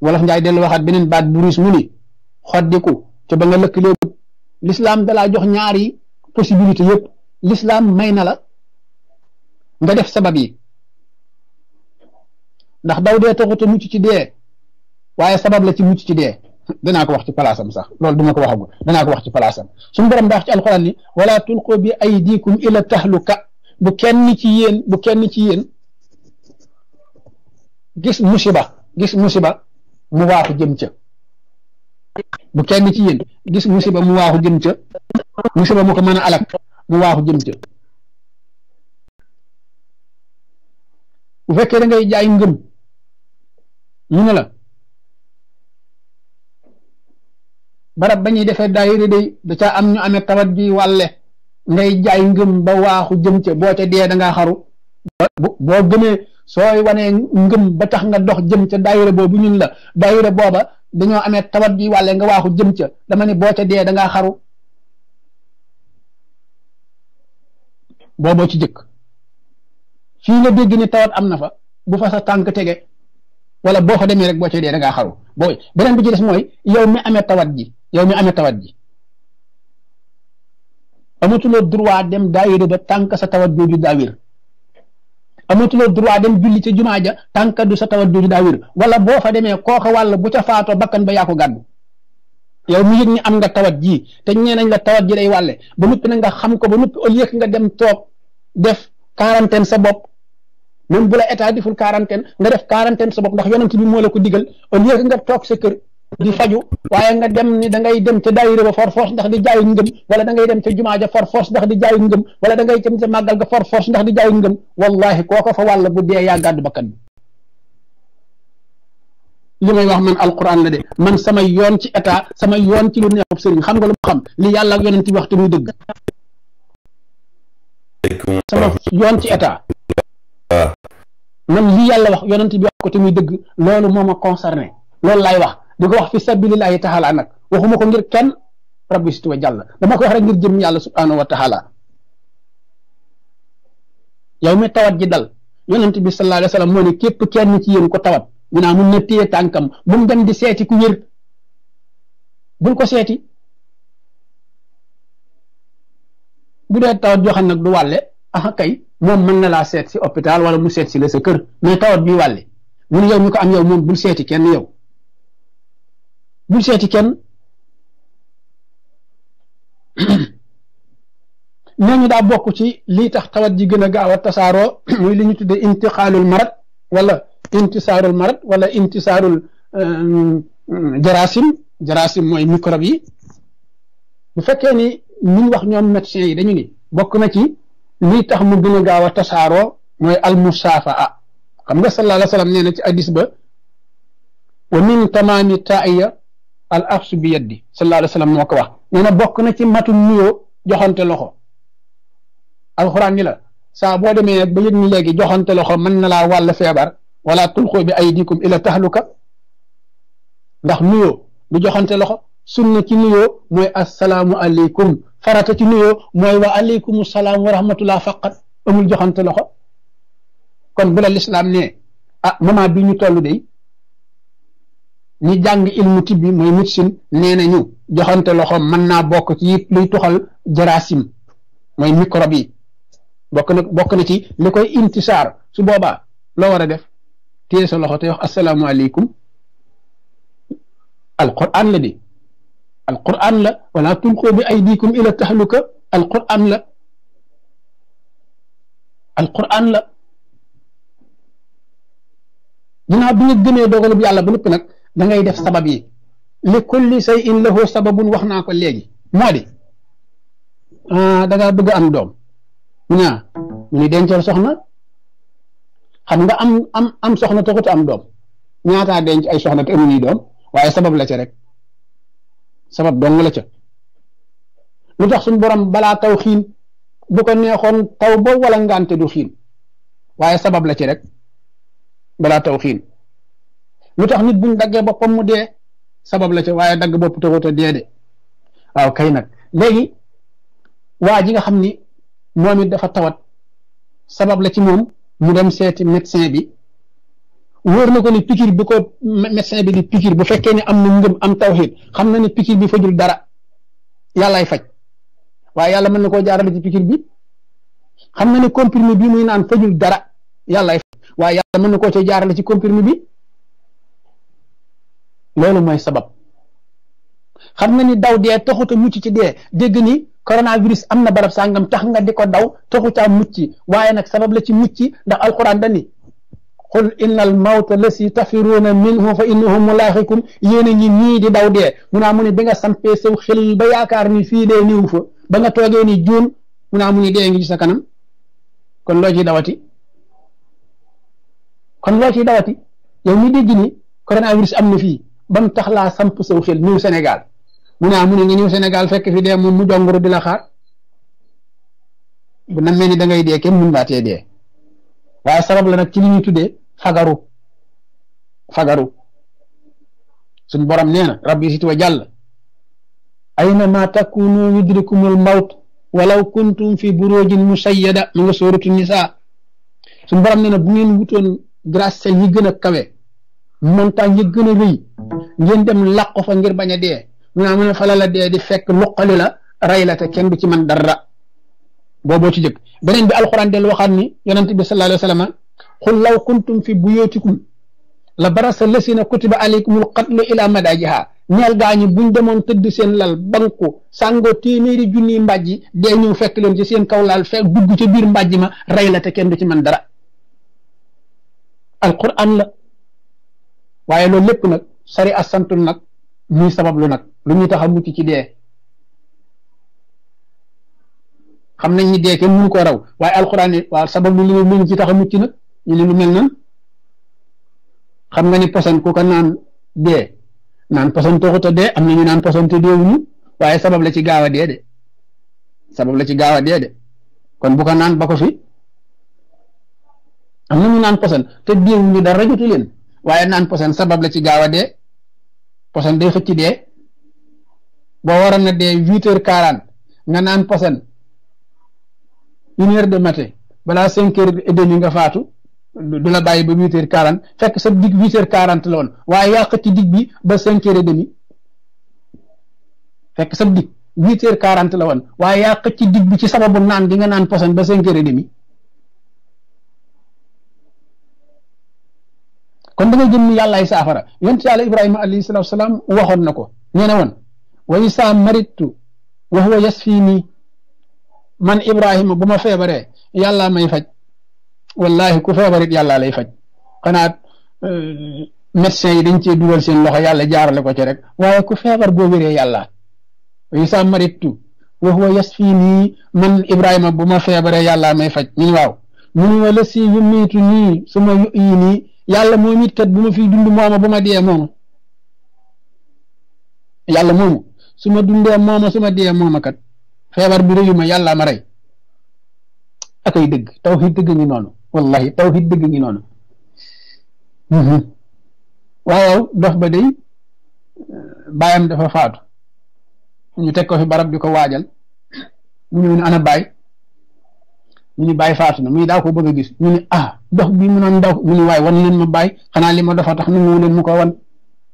wolof njaay dellu waxaat beneen baat bu ruus mu ni xoddiku ca ba nga lëkkalee lislaam dalaa jox ñaari possibilité yëpp lislaam may na la nga def sabab yi ndax daw dee taxut a mucc ci dee waaye sabab la ci mucc ci dee danaa ko wax ci palaasam sax loolu duma ko waxagul danaa ko wax ci palaasam suñu borom daa ci alxuraan ni wala tulqu bi aydikum ila tahluka bu kenn ci yéen bu kenn ci yéen gis musiba gis musiba mu waaxu jëm ca bu kenn ci yeen gis musiba mu waaxu jëm ca musiba mu ko mën a alak mu waaxu jëm ca bu fekkee da ngay jaay ngëm ñu ne la barab ba ñuy defee daayira day da caa am ñu amee tawat bi wàlle ngay jaay ngëm ba waaxu jëm ca boo ca dee da ngaa xaru boo gëmee sooy wanee ngëm ba tax nga dox jëm ca daayira boobu ñun la daayira booba dañoo amee tawat ji wàlle nga waaxu jëm ca dama boo ca dee da ngaa xaru booboo ci jëkk fii nga dégg ni tawat am na fa bu fa tànk tege wala boo fa demee rek boo ca dee da ngaa xaru boo beneen bi ci des mooy yow mi amee tawat ji yow mi amee tawat ji amatuloo droit dem daayira ba tànk sa tawat jooju daawir amatuloo droit dem julli ca jumaa ja tànka du sa tawat jooju daa wér wala boo fa demee kooka wàll bu ca faatoo bakkan ba yaa ko gàddu yow mu yëg ni am nga tawat ji te ñee nañ la tawat ji day wàlle ba noppi na nga xam ko ba noppi au lieu nga dem toog def quarantaine sa bopp même bu la état deful quarantaine nga def quarantaine sa bopp ndax yonent bi moo la ko digal au lieu nga toog sa kër di faju waaye nga dem ni da ngay dem ca daayira ba for force ndax di jaayu ngëm wala da ngay dem ca jumaa ja for force ndax di jaayu ngëm wala da ngay dem ca màggal ga for force ndax di jaayu ngëm wallahi kooko fa wàll bu dee yaa gàddu bakkan bi li may wax man alquran la de man sama yoon ci état sama yoon ci lu neexub sëriñ xam nga lu ma xam li yàlla ak yonent bi wax te muy dëgg sama yoon ci état man li yàlla wax yonent bi wax ko te muy dëgg loolu moo ma concerné loolu laay wax di ko wax fi sabilillahi taala nag waxuma ko ngir kenn rabbi si tuba jàll dama koy wax rek ngir jëm yàlla subhanahu wa taala yow mi tawat ji dal yonent bi sallallahu alayhi wa sallam moo ne képp kenn ci ko tawat mu naa mun na tànkam bu mu dem di seeti ku wér bul ko seeti bu dee tawat joo xam nag du wàlle ah kay moom mën na laa seet si hôpital wala mu seet si la sa kër mais tawat bi wàlle mu ne yow mi ko am yow moom bul seeti kenn yow bul seeti kenn ñooñu daa bokk ci lii tax tawat ji gën a gaaw a tasaaroo muy li ñu tuddee intiqaalul marad wala intisaarul marad wala intisaarul euh, jaraasim jaraasim mooy microbe yi bu fekkee ni ñu wax ñoom médecin yi dañu ni bokk na ci lii tax mu gën a gaaw a tasaaroo mooy almusafaa xam nga sallallahu alayhi wa sallam nee na ci addis ba wa min tamaami taaya al afsu bi yaddi sallallahu alayhi wasallam moko wax neena na na ci matu nuyo joxante loxo alxuraan ni la sa bo demé nag ba yëg ni léegi joxante loxo man na la wàll febar wala tulxoo bi aydikum ila tahluka ndax nuyo du joxante loxo sunna ci nuyo moy assalamu alaykum farata ci nuyo moy wa alaykum assalam wa rahmatullah faqat amul joxante loxo kon bu la l'islam ne ah moment bi ñu tollu day ñi jàng ilmu tibbi mooy médecine nee nañu joxante loxo mën naa bokk ci yëpp luy tuxal jaraasim mooy microbe yi bokk na bokk na ci li koy intisaar su boobaa loo war a def téye sa loxo te wax asalaamaaleykum alquran la di alquran la wala tulqoo bi aydikum ila tahluka alquran la alquran la ginnaaw bi nga gëmee yàlla ba noppi nag da ngay def sabab yi li kulli shay'in lahu sababun wax naa ko léegi moo di ah, da ngaa am doom mu ne mu ni dencal soxna xam nga am am am soxna taxut am doom ñaataa denc ay soxna te amuñuy doom waaye sabab la ca rek sabab dong la ca lu tax suñ borom balaa taw xiin bu neexoon taw ba wala ngante du xiin waaye sabab la ci rek balaa taw xiin lu tax nit buñ daggee boppam mu dee sabab la ca waaye dagg bopp tawut a dee de waaw kay nag léegi waa ji nga xam ni moom it dafa tawat sabab la ci moom mu dem seeti médecin bi wóor na ko ni pikir bi ko médecin bi di pikir bu fekkee ni am na ngëm am tawxiid xam na ni pikir bi fajul dara yàllaay faj waaye yàlla mën na koo jaarale ci pikir bi xam na ni comprimé bi muy naan fajul dara yàllaay faj waaye yàlla mën na koo cee jaarale ci comprimé bi loolu mooy sabab xam na ni daw dee taxut a mucc ci dee dégg ni coronavirus am na barab sàngam tax nga di ko daw taxu caa mucc waaye nag sabab la ci mucc ndax alquran dani qul inna al mawta lasi tafiruuna minhu fa innahu mulaaxikum yéen a ngi nii di daw dee mu naa mu ne nga sampee saw xel ba yaakaar ni fii dee niwu fa ba nga toogee ni juun mu naa mu ne dee ngi ci sa kanam kon loo ciy dawati kon loo ciy dawati yow mi dégg ni coronavirus am na fii bam tax la samp saw xel ñu senegal mu na mu ne ñu ah, senegal fekk fi dee moom mu jongoro di la xaar bu na ni da ngay dee kenn mun laa tee dee waaye sabab la nak ci li ñu fagaru fagaru sun borom neena rabbi sitwa jall ayna ma takunu yudrikumul maut Walau kuntum fi burujin musayyada min nga nisa sun borom neena bu ngeen wutoon grâce yi gëna kawé montagne yi gën a rëy ngeen dem làqu fa ngir bañ a dee mu ne mun a fala la dee di fekk luqali la rey la te kenn du ci man dara booboo ci jëkk beneen bi alxuraan dellu waxaat ni yonent bi sallallahu alayhi wa sallam xul law kuntum fi buyootikum la barasa lasina kutiba aleykumul qatlu ila madaajiha ñeel gaañu buñ demoon tëdd seen lal banku sangoo téeméeri junniy mbàjji dee ñëw fekk leen ci seen kaw lal fekk dugg ca biir mbàjji ma rey te kenn du ci man dara alquran la waaye loolu lépp nag sari asantul nag muy sabab lu nag lu ñuy tax a mucc ci dee xam nañ ni dee kenn mënu raw waaye alxuraan yi waaw sabab lu li mu ci tax a mucc nag ñu ne lu mel nan xam nga ni posan ku ko naan dee naan posan toxut a dee am na ñu naan posan te deewuñu waaye sabab la ci gaaw a dee de sabab la ci gaaw a dee kon bu ko naan fi am na ñu naan posan te deewuñu dara jotu leen. waye nan posen sabab la ci gawa de posen de xecci de bo warana de 8h40 nga nan posen une heure de matin bala 5h et demi nga fatu du la bàyyi ba 8h40 fekk sa dig 8h40 la waye ya xecci dig bi ba 5h30 demi fekk sa dig 8h40 la woon waaye yaa xëcc dig bi ci sababu nan gi nga nan posen ba 5h30 demi kon da ngay jëm ni yàllaay saafara yonent yàlla ibrahima alayhi salaatu salaam waxoon na ko nee na woon wa isaa marittu wa huwa yasfii nii man ibrahima bu ma feebaree yàlla may faj wallahi ku feebarit yàllaa lay faj xanaa euh, médecins yi dañ cee dugal seen loxo yàlla jaarale ko ci rek waaye ku feebar boo wéree yàlla wa isaa marittu wa huwa yasfii nii man ibrahima bu ma feebaree yàllaa may faj ñu waaw mu ni wa la si suma yu ii yàlla moom it kat bu ma fiy dund mooma bu ma dee mooma yàlla moomu su ma dundee mooma su ma dee mooma kat feebar bi rëyu ma yàlla ma rey akay dëgg tawxiid dëgg ngi noonu wallahi tawxiid dëgg ngi noonu mhm. waaw dox ba day baayam dafa faatu ñu teg ko fi barab di ko waajal mu ñëw ne ana baay ñu ni baay faatu na muy daa ko bëgg a gis ñu ni ah dox bi mu a daw mu ne waaye wan leen ma bàyyi xanaa li ma dofa tax na mu leen mu ko wan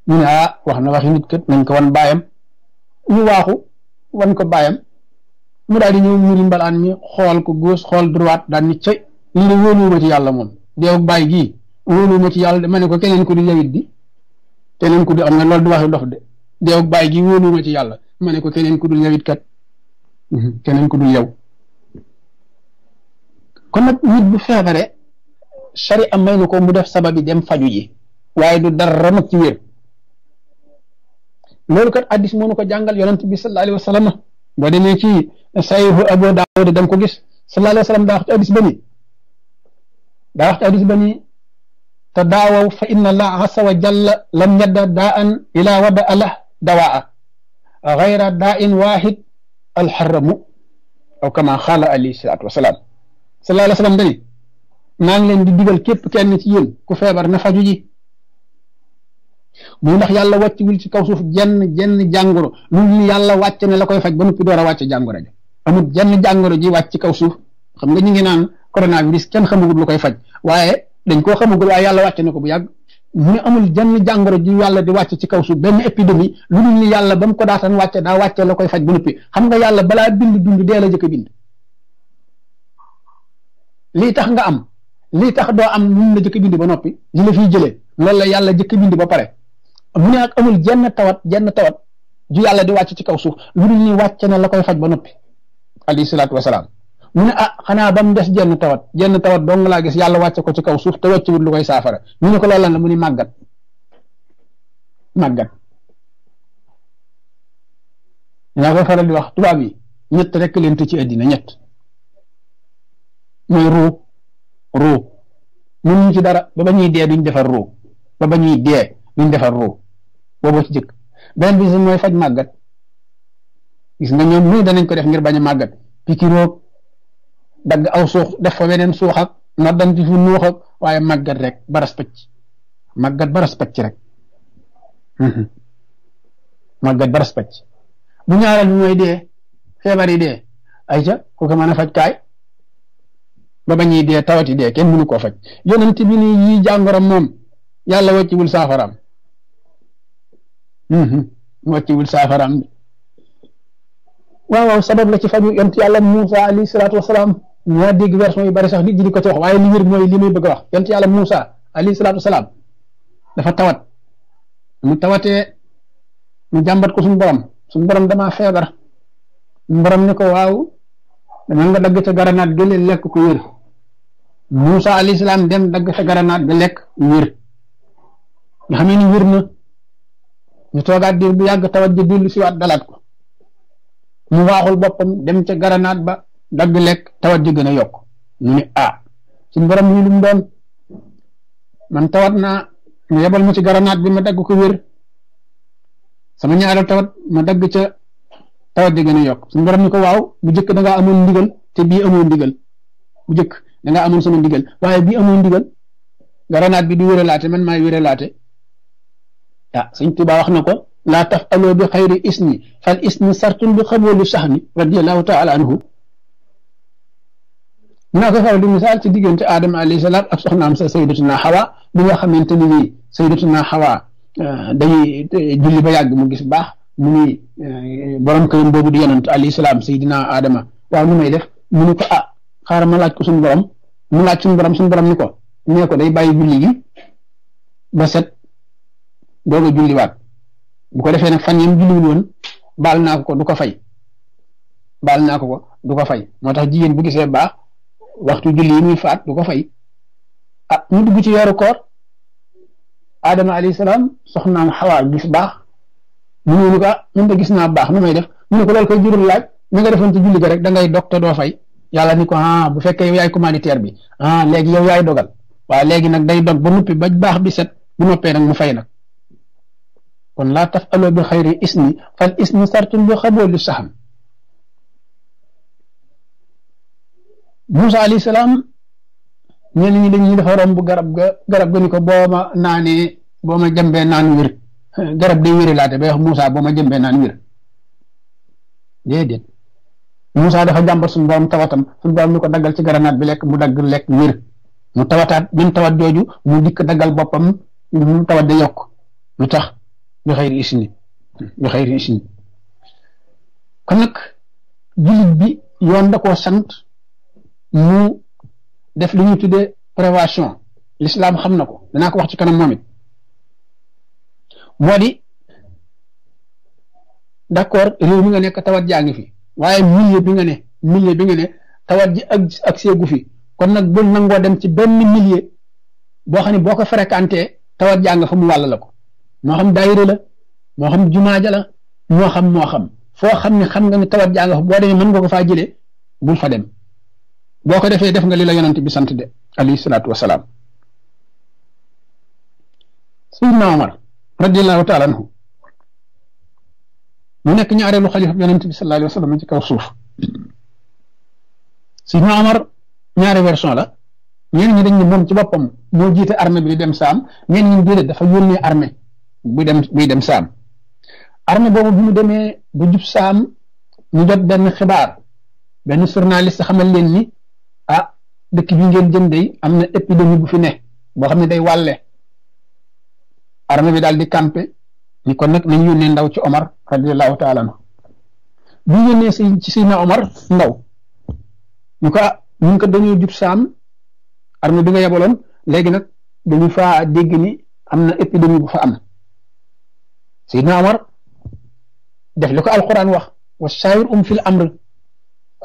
mu ne ah wax na waxi nit kat nañ ko wan baayam mu waaxu wan ko baayam mu daal di ñëw muri mbalaan mi xool ko góos xool droite daal ni cay lii de wóoluwuma ci yàlla moom ci yàlla de ma ne ko keneen ku di yawit di keneen ku di am nga loolu du gii wóoluwuma ci yàlla ma ne ko keneen ku dul yawit kat keneen ku dul yow kon nag nit bu feebare shari am may na ko mu def sababi dem faju ji waye du dar ram ci wér loolu kat hadith mo nu ko jàngal yaronte bi sallallahu alaihi wasallam bo demé ci sayyid abu daud da ko gis sallallahu alaihi wasallam da wax hadith bani da wax hadith bani ba ni te daawaw fa inna allah asa wa jalla lam yadda daan ila wada alah dawaa gayra daain wahid alxaramu aw kama xaala alayhi salaatu wasalaam sallallahu alayhi wa sallam dani maa ngi leen di digal képp kenn ci yéen ku feebar na faju ji mu ndax yàlla wàccewul ci kaw suuf jenn jenn jàngoro lu yàlla wàcc ne la koy faj ba noppi door a wàcce ji amul jenn jàngoro ji wàcc ci kaw suuf xam nga ñu ngi naan coronavirus kenn xamagul lu koy faj waaye dañ koo xamagul waaye yàlla wàcce na ko bu yàgg mu ne amul jenn jàngoro ju yàlla di wàcc ci kaw suuf benn épidémie lu dul yàlla ba ko daatan wàcce daa wàcce la koy faj ba noppi xam nga yàlla balaa bind dund dee la jëkk a bind lii tax nga am li tax do am ñu la jëk bindi ba noppi ñu la fi jëlé lool la yalla jëk bindi ba pare mu ne ak amul jenn tawat jenn tawat ju yalla di wacc ci kaw suuf lu ni na la koy faj ba noppi ali sallatu wasalam mu ne ah xana bam dess jenn tawat jenn tawat dong la gis yalla wacc ko ci kaw suuf te wàccewut lu koy safara ñu ne ko lool la mu ni magat magat faral di wax tuba bi ñett rek leen ci adina ñett moy ruu mun ñu ci dara ba ba ñuy dee duñ defar ruu ba ba ñuy dee duñ defar ruu boobu ci jëkk beneen bi mooy faj màggat gis nga ñoom muy danañ ko def ngir bañ a màggat pikiroog dagg aw suux def fa weneen suux ak noddanti fu nuux waaye màggat rek baras pëcc màggat baras pëcc rek mhm. màggat baras pëcc bu ñaareel bi mooy dee feebar dee ay ca ku ko mën a faj kaay ba ba ñuy dee tawati dee kenn mënu koo faj yonent bi ni yii jàngoram moom yàlla wàcciwul saafaraam mhm, wàcciwul saafaraam bi waaw waaw sabab la ci faju yonent yàlla Moussa alayhi salaatu wasalaam ñaa dégg ko ci wax waaye li wér mooy li muy bëgg dafa tawat mu tawatee mu jàmbat ko suñu borom suñu feebar suñu borom ko waaw dana nga dagg sa garanaat gële lekk ko wér Moussa alayhi salaam dem dagg sa garanaat ga lekk wér nga xamee ni wér na ñu toogaat diir bu yàgg tawat ji dellu siwaat dalaat ko mu waaxul boppam dem ca garanaat ba dagg lekk tawat ji gën a yokk ñu ne ah suñ borom ñu doon man tawat naa mu yebal ma ci garanaat bi ma dagg ko wér sama ñaareel tawat ma dagg ca tawat di gën yokk suñu borom ni ko waaw bu jëkk da ngaa amoon ndigal te bii amoon ndigal bu njëkk da ngaa amoon sama ndigal waaye bii amoon ndigal garanaat bi di wéralaate man maay wéralaate ah sëñ Tuubaa wax na ko laa tafaloo bi xayri isni fal isni sartun bi xaboolu saxni ni taala anhu naa ko faral di misaal ci diggante Adama alayhi salaam ak soxnaam sa sayyidatuna Hawa bi nga xamante ni sayyidatuna Hawa ah, day eh, julli ba yàgg mu gis baax mu ni eh, borom këram boobu di yonent alayhi salaam sayidina Adama waaw nu may def mu ni ko ah xaaral ma laaj ko suñu borom mu laaj suñu borom suñu borom ni ko nee ko day bàyyi julli gi ba set doog a julliwaat bu ko defee ne fan yam julliwul woon baal naa ko ko du ko fay baal naa ko ko du ko fay moo tax jigéen bu see baax waxtu julli yi muy faat du ko fay ah ñu dugg ci weeru koor Adama alayhi salaam soxnaam Xawaa gis baax. mu ñëw ni ko ah man de gis naa baax nu may def mu ne ko loolu koy jurul laaj na nga defoon ci julli ga rek da ngay doo fay yàlla ni ko ah bu fekkee yow yaay commanditaire bi ah léegi yow yaay dogal waaye léegi nag day dog ba noppi ba baax bi set bu noppee nag mu fay nag kon laa taf aloo bi xayri isni fal isni sartun bi xaboo li saxam Moussa alayhi salaam ñenn ñi dañuy dafa romb garab ga garab ga ni ko boo ma naanee boo ma jambee naan wér garab day wéri laate bay wax Moussa boo ma jëmbee naan wér déedéet Moussa dafa jàmbat suñu borom tawatam suñu borom ko daggal ci garanaat bi lekk mu dagg lekk wér mu tawataat même tawat jooju mu dikk daggal boppam mu tawat da yokk lu tax lu xëyri isini lu nag jullit bi yoon da koo sant mu def lu ñu tuddee prévation lislaam xam na ko danaa ko wax ci kanam moom moo di d' accord réew mi nga nekk tawat jaa ngi fi waaye milieu bi nga ne milieu bi nga ne tawat ji ak ak seegu fi kon nag bul nangoo dem ci benn milieu boo xam ne boo ko fréquenté tawat jaa nga fa mu wàll la ko moo xam daayira la moo xam jumaaja jala moo xam moo xam foo xam ne xam nga ne tawat jaa nga fa boo demee man nga ko faa jëlee bul fa dem boo ko defee def nga li la yonent bi sant de alayhi salaatu wasalaam Seydina Omar radiallahu taala anhu mu nekk ñaareelu xalifa yonent bi sallallahu alayhi wa sallam ci kaw suuf sidna ñaari version la ñeen ñi dañ ne moom ci boppam moo jiite armée bi di dem saam ñeen ñi déedéet dafa yónnee armée buy dem buy dem saam armée boobu bi mu demee bu jub saam ñu jot benn xibaar benn journaliste xamal leen ni ah dëkk bi ngeen jëm day am na épidémie bu fi ne boo xam ne day wàlle armée bi daal di campé ni kon nag nañ yónnee ndaw ci Omar radiallahu taala anhu bu yónnee si ci ndaw ñu ko ah, ñu ko dañuy jub saam armée bi nga yebaloon léegi nag dañu faa dégg ni am na épidémie bu fa am Seydina Omar def li ko alquran wax wa saawir um fil amr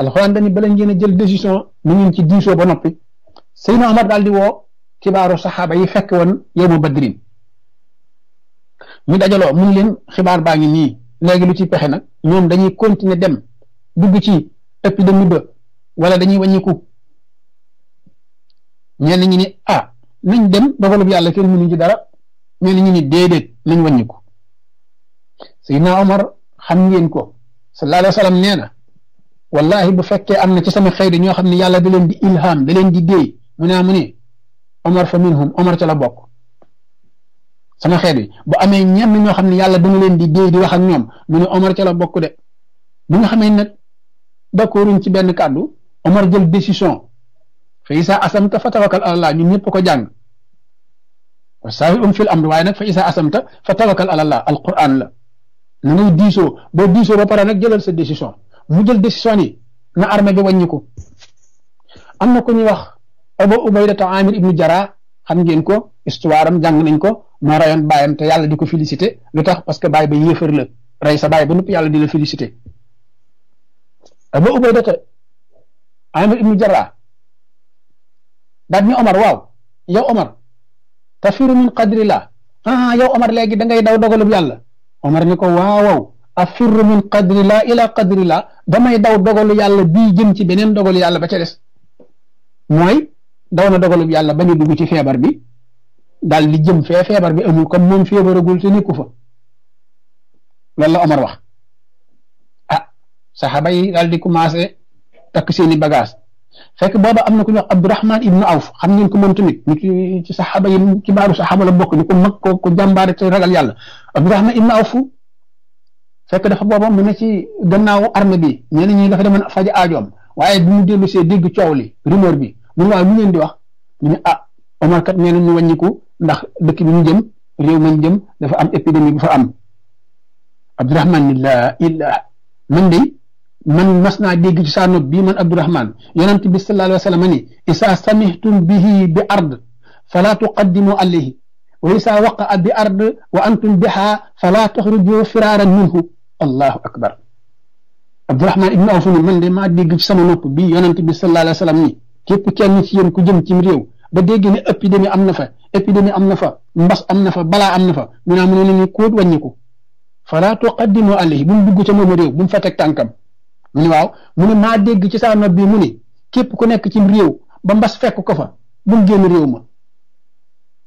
alquran dañu bala ngeen a jël décision nu ngeen ci diisoo ba noppi Seydina Omar daal di woo kibaaru saxaaba yi fekk woon yowma badrin ñu dajaloo mun leen xibaar baa ngi nii léegi lu ci pexe nag ñoom dañuy continuer dem dugg ci épidémie ba wala dañuy wàññiku ñenn ñi ni ah nañ dem dogalub yàlla kenn mënuñ ci dara ñenn ñi ni déedéet nañ wàññiku Seydina Omar xam ngeen ko sallallahu alayhi wa sallam nee na wallahi bu fekkee am na ci sama xëy di ñoo xam ne yàlla da leen di ilham da leen di déey mu ne mu ne Omar fa minhum Omar ca la bokk sama xeet bu amee ñam ñoo xam ne yàlla dañu leen di déy di wax ak ñoom mu ne Omar ca la bokk de bu nga xamee nag d'accorduñ ci benn kàddu Omar jël décision fa isa asamta fa tawakal alallah ñun ñëpp ko jàng wa um fil amri waaye nag fa isa asamta fa tawakal alallah alquran la na ngay diisoo boo diisoo ba pare nag jëlal sa décision mu jël décision yi na armée bi wàññiku am na ku ñuy wax Abu Ubayda Amir ibnu Jara xam ngeen ko histoire am jàng nañ ko mo rayon bayam te yalla diko féliciter lutax parce que bay ba yeufeur la ray sa bay ba nupp yalla di féliciter abu ta amir ibn jarrah dal ni omar wow, yow omar tafiru min qadrillah ah yow omar legi da ngay daw dogalub yalla omar ni ko waw waw afirru min qadrillah ila qadrillah damay daw dogalu yalla bi jëm ci benen dogalu yalla ba ca dess moy daw na dogalu yalla bañu dugg ci febar bi dal di jëm fee feebar bi amul kon moom feebaragul te nekku fa loolu la Omar wax ah sahaba yi dal di commencé takk seeni bagage fekk booba am na ku ñu wax Abdourahman ibnu Awf xam ngeen ko moom tamit nit ci sahaba yi ci baaru sahaba la bokk ni ko mag ko ko jàmbaare te ragal yàlla Abdourahman ibnu Awf fekk dafa booba mu ne ci gannaaw arme bi ñenn ñi dafa demoon faji aajoom waaye bi mu dellu see dégg coow li rumeur bi mu ne waaw lu ngeen di wax ñu ne ah Omar kat nee na ñu wàññiku ndax dëkk bi mu jëm réew mañ jëm dafa am épidémie bu fa am abdourahman ni la illa man de man mas naa dégg ci saa nopp bii man abdourahman yonent bi sallallahu alayhi wa sallam ni isa samihtum bihi bi ard fala tuqaddimu alayhi wa isaa waqaa bi ard wa antum biha fala tuxruju firaaran minhu allahu akbar abdourahman ibn awfu ni man de maa dégg ci sama nopp bii yonent bi sallallahu alayhi wa sallam ni képp kenn ci yéen ku jëm ci réew ba dégg ne épidémie am na fa épidémie am na fa mbas am na fa balaa am na fa mu naa mu ne ni kóot wàññiku fala tuqaddimu alayhi bu mu dugg ca moom réew bu fa teg tànkam mu ne waaw mu ne maa dégg ci saa bi mu ne képp ku nekk ci réew ba mbas fekk ko fa bu mu génn réew ma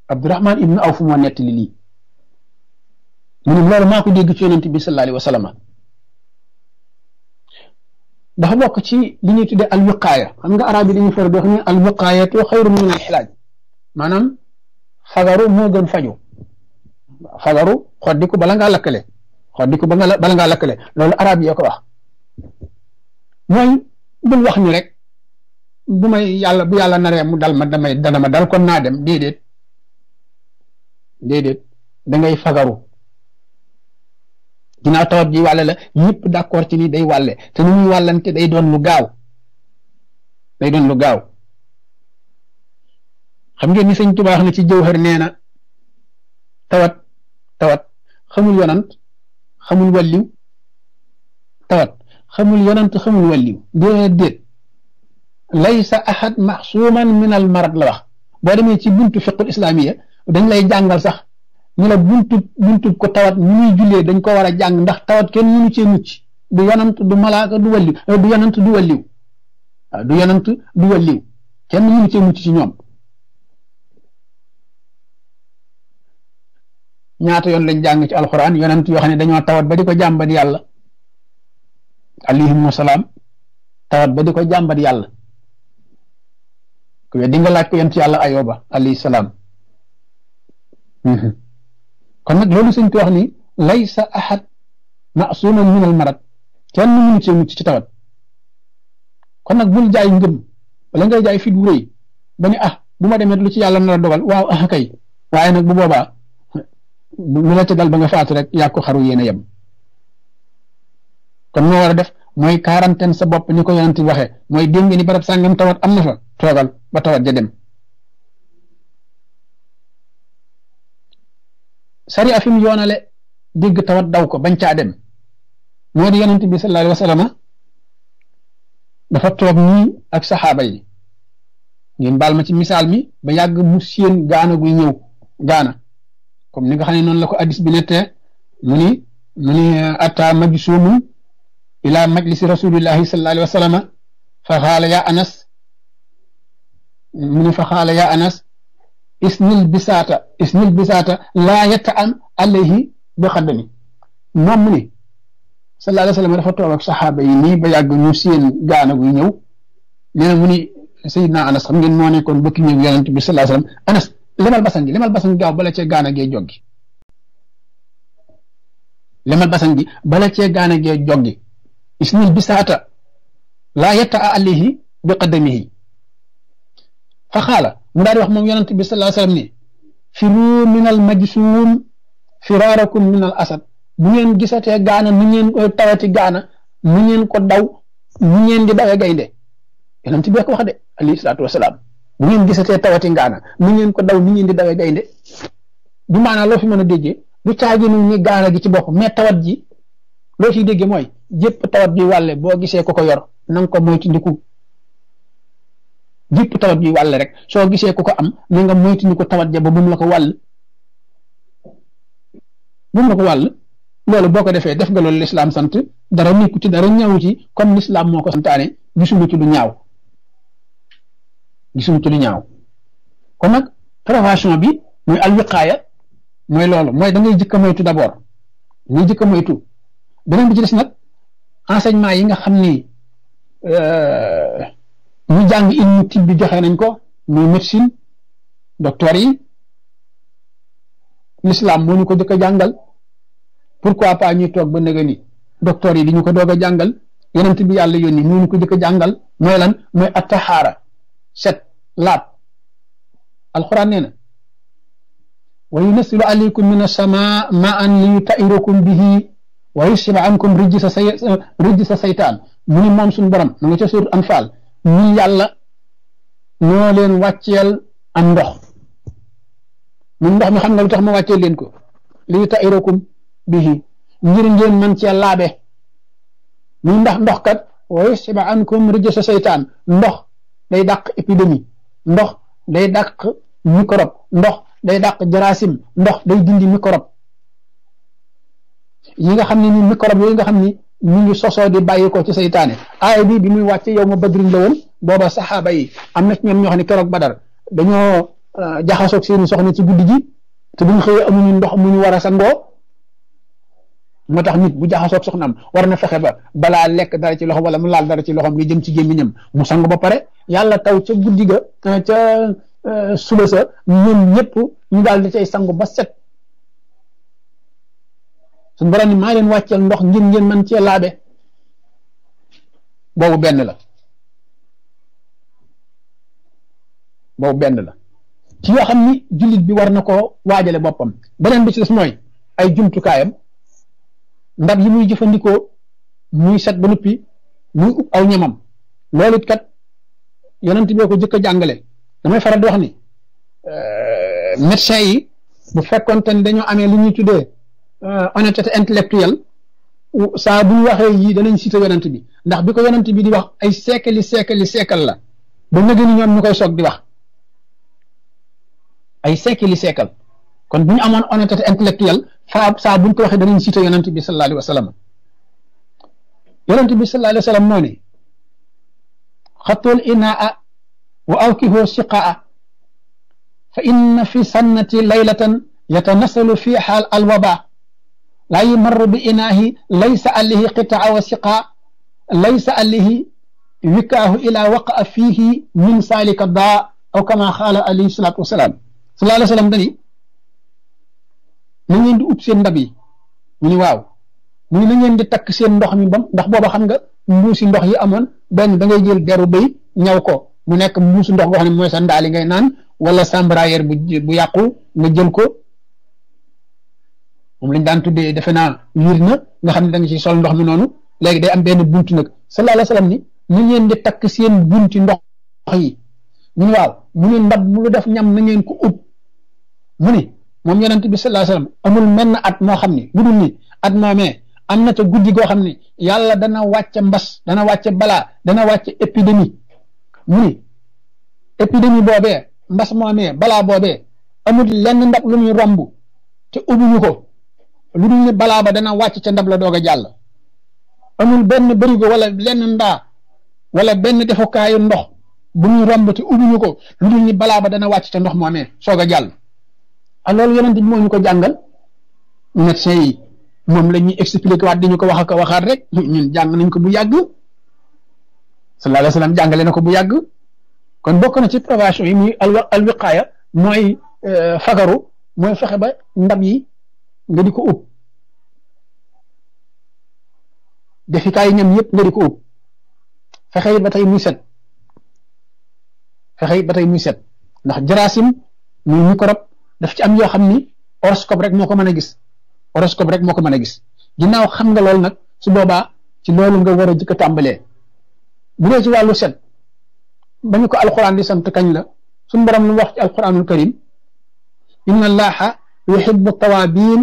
Abdurahman ibnu Awf moo nettali lii mu ne loolu maa ko dégg ci yonent bi sallallahu alayhi dafa bokk ci li ñuy tuddee al wiqaaya xam nga arab yi dañuy faral di wax ne al wiqaayatu xayru min al xilaaj maanaam fagaru moo gën faju fagaru xoddiku bala ngaa lakkale xoddiku ba nga bala ngaa lakkale loolu arab yi ko wax mooy bul wax ni rek bu may yàlla bu yàlla naree mu dal ma damay dana ma dal kon naa dem déedéet déedéet da ngay fagaru ginnaaw tawat ji wàlle la ñëpp d'accord ci ni day wàlle te nu muy wàllante day doon lu gaaw day doon lu gaaw xam ngeen ni sëñ Tuubaa wax na ci jëwhër nee na tawat tawat xamul yonant xamul wàlliw tawat xamul yonant xamul wàlliw déedéet laysa ahad maxsuuman min al marad la wax boo demee ci buntu fiqul islaamiya dañ lay jàngal sax ñu la buntu buntu ko tawat ñu ñuy julé dañ ko wara jang ndax tawat kenn ñu ci mucc du yonant du malaaka du walli eh, du yonant du walli ah, du yonant du walli kenn ñu ci mucc ci ñom ñaata yon lañ jang ci alquran yonant yo xam dañu tawat ba diko jambal yalla alayhi alayhim tawat ba diko jambal yalla ko ku weddi nga laaj ko yonent yàlla ayoba alayhi salam mhm. kon nag loolu sëñ ko wax ni laysa ahad masuman min al marad kenn mënu cee ci tawat kon nag bul jaay ngëm wala ngay jaay fit wu ba ni ah bu ma demee lu ci yàlla nar dogal waaw ah waaye nag bu boobaa mu la ca dal ba nga faatu rek yaa ko xaru yéen a yem kon noo war a def mooy quarantaine sa bopp ni ko yonent waxee mooy dégg ni barab sàngam tawat am na fa toogal ba tawat ja dem sariya fi mu yoonale dégg tawat daw ko bañ caa dem moo di yonent bi sallallahu alayhi wa dafa toog nii ak saxaaba yi ngeen baal ma ci misaal mi ba yàgg mu séen gaana guy ñëw gaana comme ni nga xam ne noonu la ko addis bi nettee mu ni mu ni atta majsuumun ila majlisi rasulillahi sallallahu alayhi wa fa xaala anas mu ni fa xaala anas isnil bisaata isnil bisaata laa yetta an alayhi bi xaddami moom mu ni dafa toog ak saxaaba yi nii ba yàgg gaana guy ñëw na mu ni sayidna anas xam ngeen moo nekkoon bëkki ñëw yonent bi sallallahu alayhi wa anas limal basan gi limal basan gi gaaw bala cee gaana gee joggi limal gi bala cee gaana gee joggi isnil bisaata laa yetta a alayhi bi xaddamihi fa xaala mu daal di wax moom yonent bi sallallahu alayhi wa sallam ni firu min al majsuum firaarakum min al asad bu ngeen gisatee gaana nu ngeen koy tawati gaana nu ngeen ko daw mu ngeen di dawee gaynde yonent bi ko wax de alayhi salaatu wasalaam bu ngeen gisatee tawati gaana nu ngeen ko daw nu ngeen di dawee gaynde du maanaa loo fi mën a déggee du caagi nu gaana gi ci bopp mais tawat ji loo ciy déggee mooy jëpp tawat ji wàlle boo gisee ko ko yor na ko moytandiku jëpp tawat yi wàll rek soo gisee ku ko am na nga moytu ni ko tawat ja ba bum la ko wàll bum la ko wàll loolu boo ko defee def nga loolu lislaam sant dara nekku ci dara ñaaw ci comme lislaam moo ko santaane gisuma ci lu ñaaw gisuma ci lu ñaaw kon nag prévention bi mooy alwiqaaya mooy loolu mooy da ngay jëkk a moytu d'abord da ngay jëkk a moytu beneen bi ci des nag enseignement yi nga xam ni euh, ñu jàng ilmu tib bi joxe nañ ko muy médecine docteur yi l'islam moo ñu ko jëkk a jàngal pourquoi pas ñu toog ba nëga ni docteur yi di ñu ko doog a jàngal yonent bi yàlla yónni moo ñu ko jëkk a jàngal mooy lan mooy attahaara set lat alquran nee na wa yunasilu alaykum min assamaa maan liyutairukum bihi wa yusib ankum rijisa saytaan mu ni moom suñ borom nga ca sur anfal ñun yàlla noo leen wàcceel am ndox mun ndox mi xam nga lu tax ma wàcceel leen ko lii ta'irukum bihi ngir ngeen man cee laabe mu ndax ndox kat wa yushiba ankum rijsa seytaan ndox day dàq épidémie ndox day dàq microbe ndox day dàq jarasim ndox day dindi microbe yi nga xam ne ni microbe yooyu nga xam ni mu ngi sosoo di bàyyi ko ci saytaane aaya bi bi muy wàcce yow ma badrin la woon booba saxaaba yi am na ci ñoom ñoo xam ne keroog badar dañoo euh, jaxasoog seeni soxna ci guddi ji te bu ñu xëyee amuñu ndox mu ñu war a sangoo moo tax nit bu jaxasoog soxnaam war na fexe ba balaa lekk dara ci loxo wala mu laal dara ci loxoom li jëm ci gémmiñam mu sangu ba pare yàlla taw ca guddi ga ca euh, suba sa ñoom ñëpp ñu daal di cay sangu ba set suñu borom ni maa leen wàcceel ndox ngir ngeen mën ceelaabe boobu benn la boobu benn la ci yoo xam ni jullit bi war na koo waajale boppam beneen bi ci des mooy ay jumtukaayam ndab yi muy jëfandikoo muy set ba noppi muy ub aw ñamam loolu it kat yonent bee ko jëkk a jàngale damay faral di wax ni euh, médecin yi bu fekkonte ne dañoo amee li ñuy tuddee honnêteté intellectuelle ou saa bu ñu waxee yii danañ cité yonent bi ndax bi ko yonent bi di wax ay seekali seekali seekal la ba nga ni ñoom ñu koy soog di wax ay seekali seekal kon bu ñu amoon honnêteté intellectuelle faa saa bu ñu ko waxee danañ cité yonent bi sallallahu alayhi wasallam sallam yonent bi sallallahu alayhi wasallam sallam moo ne xatul inaa wa awkihoo siqaa fa inna fi sannati laylatan yatanasalu fiiha al wabaa lay marru bi inahi laysa allahi qita'a wa siqa laysa allahi wikahu ila waqa fihi min salika da aw kama khala ali sallallahu alayhi wasallam sallallahu alayhi wasallam dali ngi ndi upp sen ndabi ni waw ni ngi ndi tak sen ndokh mi bam ndax boba xam ko mu nek musu ndokh wax ni nan wala sambrayer bu yaqku nga ko moom lañ daan tuddee defe naa wir na nga xam ne danga nga ci sol ndox mi noonu léegi day am benn buntu nag sallallahu alayhi ñu ngeen di takk seen bunti ndox yi ñu ne waaw mu def ñam na ngeen ko ut moom yonent bi sallallahu menn at moo xam ni gudul ni at moomee am na ca guddi goo xam ne yàlla dana wàcce mbas dana wàcce balaa dana wàcce épidémie mu ne épidémie boobee mbas moomee balaa boobee amul lenn ndab lu muy romb te ubbuñu ko lu dul ne balaa ba dana wàcc ca ndab la doog a jàll amul benn bërigo wala lenn ndaa wala benn defukaayu ndox bu ñuy romb te ubbiñu ko lu dul ni balaa ba dana wàcc ca ndox moomee soog a jàll a ah loolu yonent bi moo ñu ko jàngal médecin moom la ñuy expliqué waat ko wax ak waxaat rek ñun jàng nañ ko bu yàgg sallallahu alayhi wa sallam jàngale na ko bu yàgg kon bokk na ci prévention yi muy alwiqaaya mooy euh, fagaru mooy fexe ba ndab yi nga di ko ub defikaay ñam yépp nga di ko ub fexe ba tey muy set fexey ba tey muy set ndax jarasim muy microbe daf ci am yoo xam ni horoscope rek moo ko mën a gis horoscope rek moo ko mën a gis ginnaaw xam nga loolu nag su boobaa ci loolu nga war a jëkk tàmbalee bu dee ci wàllu set bañu ko alquran di sant kañ la sun borom lu wax ci alquranul karim inna allaha yuhibbu tawabin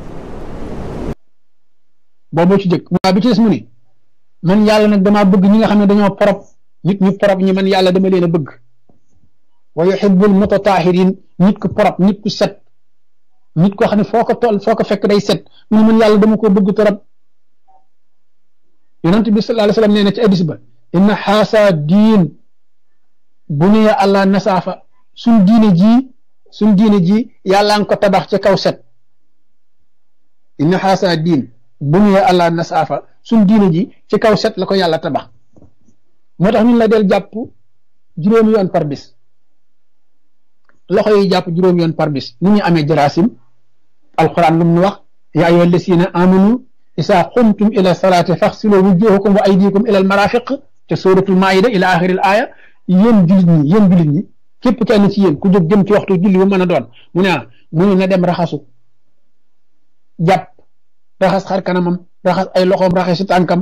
bobu ci jëkk wa bi ci dess mu ne man yalla nak dama bëgg ñi nga xamne dañoo porop nit ñu porop ñi man yalla dama leena bëgg wa yuhibbul mutatahirin nit ku porop nit ku set nit ko xamne foko tol foko fekk day set mu man yalla dama ko bëgg torop yonent bi sallallahu alayhi wasallam neena ci hadith ba inna hasa din bu nee àlla nasaafa diine ji sun diine ji yalla ng ko tabax ci kaw set inna hasa din bu ñu yee allah nasaafa suñ diine ji ci kaw set la ko yàlla tabax moo tax ñun la del jàpp juróomi yoon par bis loxo jàpp juróom yoon par bis ni ñu amee jaraasim alquran lu mu wax yaa ayyuha allazina amanu isaa xumtum ila salaati faxsilu wujuhakum wa aydikum ila almarafiq te suratul maida ila axiril aaya yéen jullit ñi yéen jullit ñi képp kenn ci yéen ku jóg jëm ci waxtu julli bu mën a doon mu ne mu ne na dem raxasu jàpp raxas xar kanamam raxas ay loxoom raxasi tànkam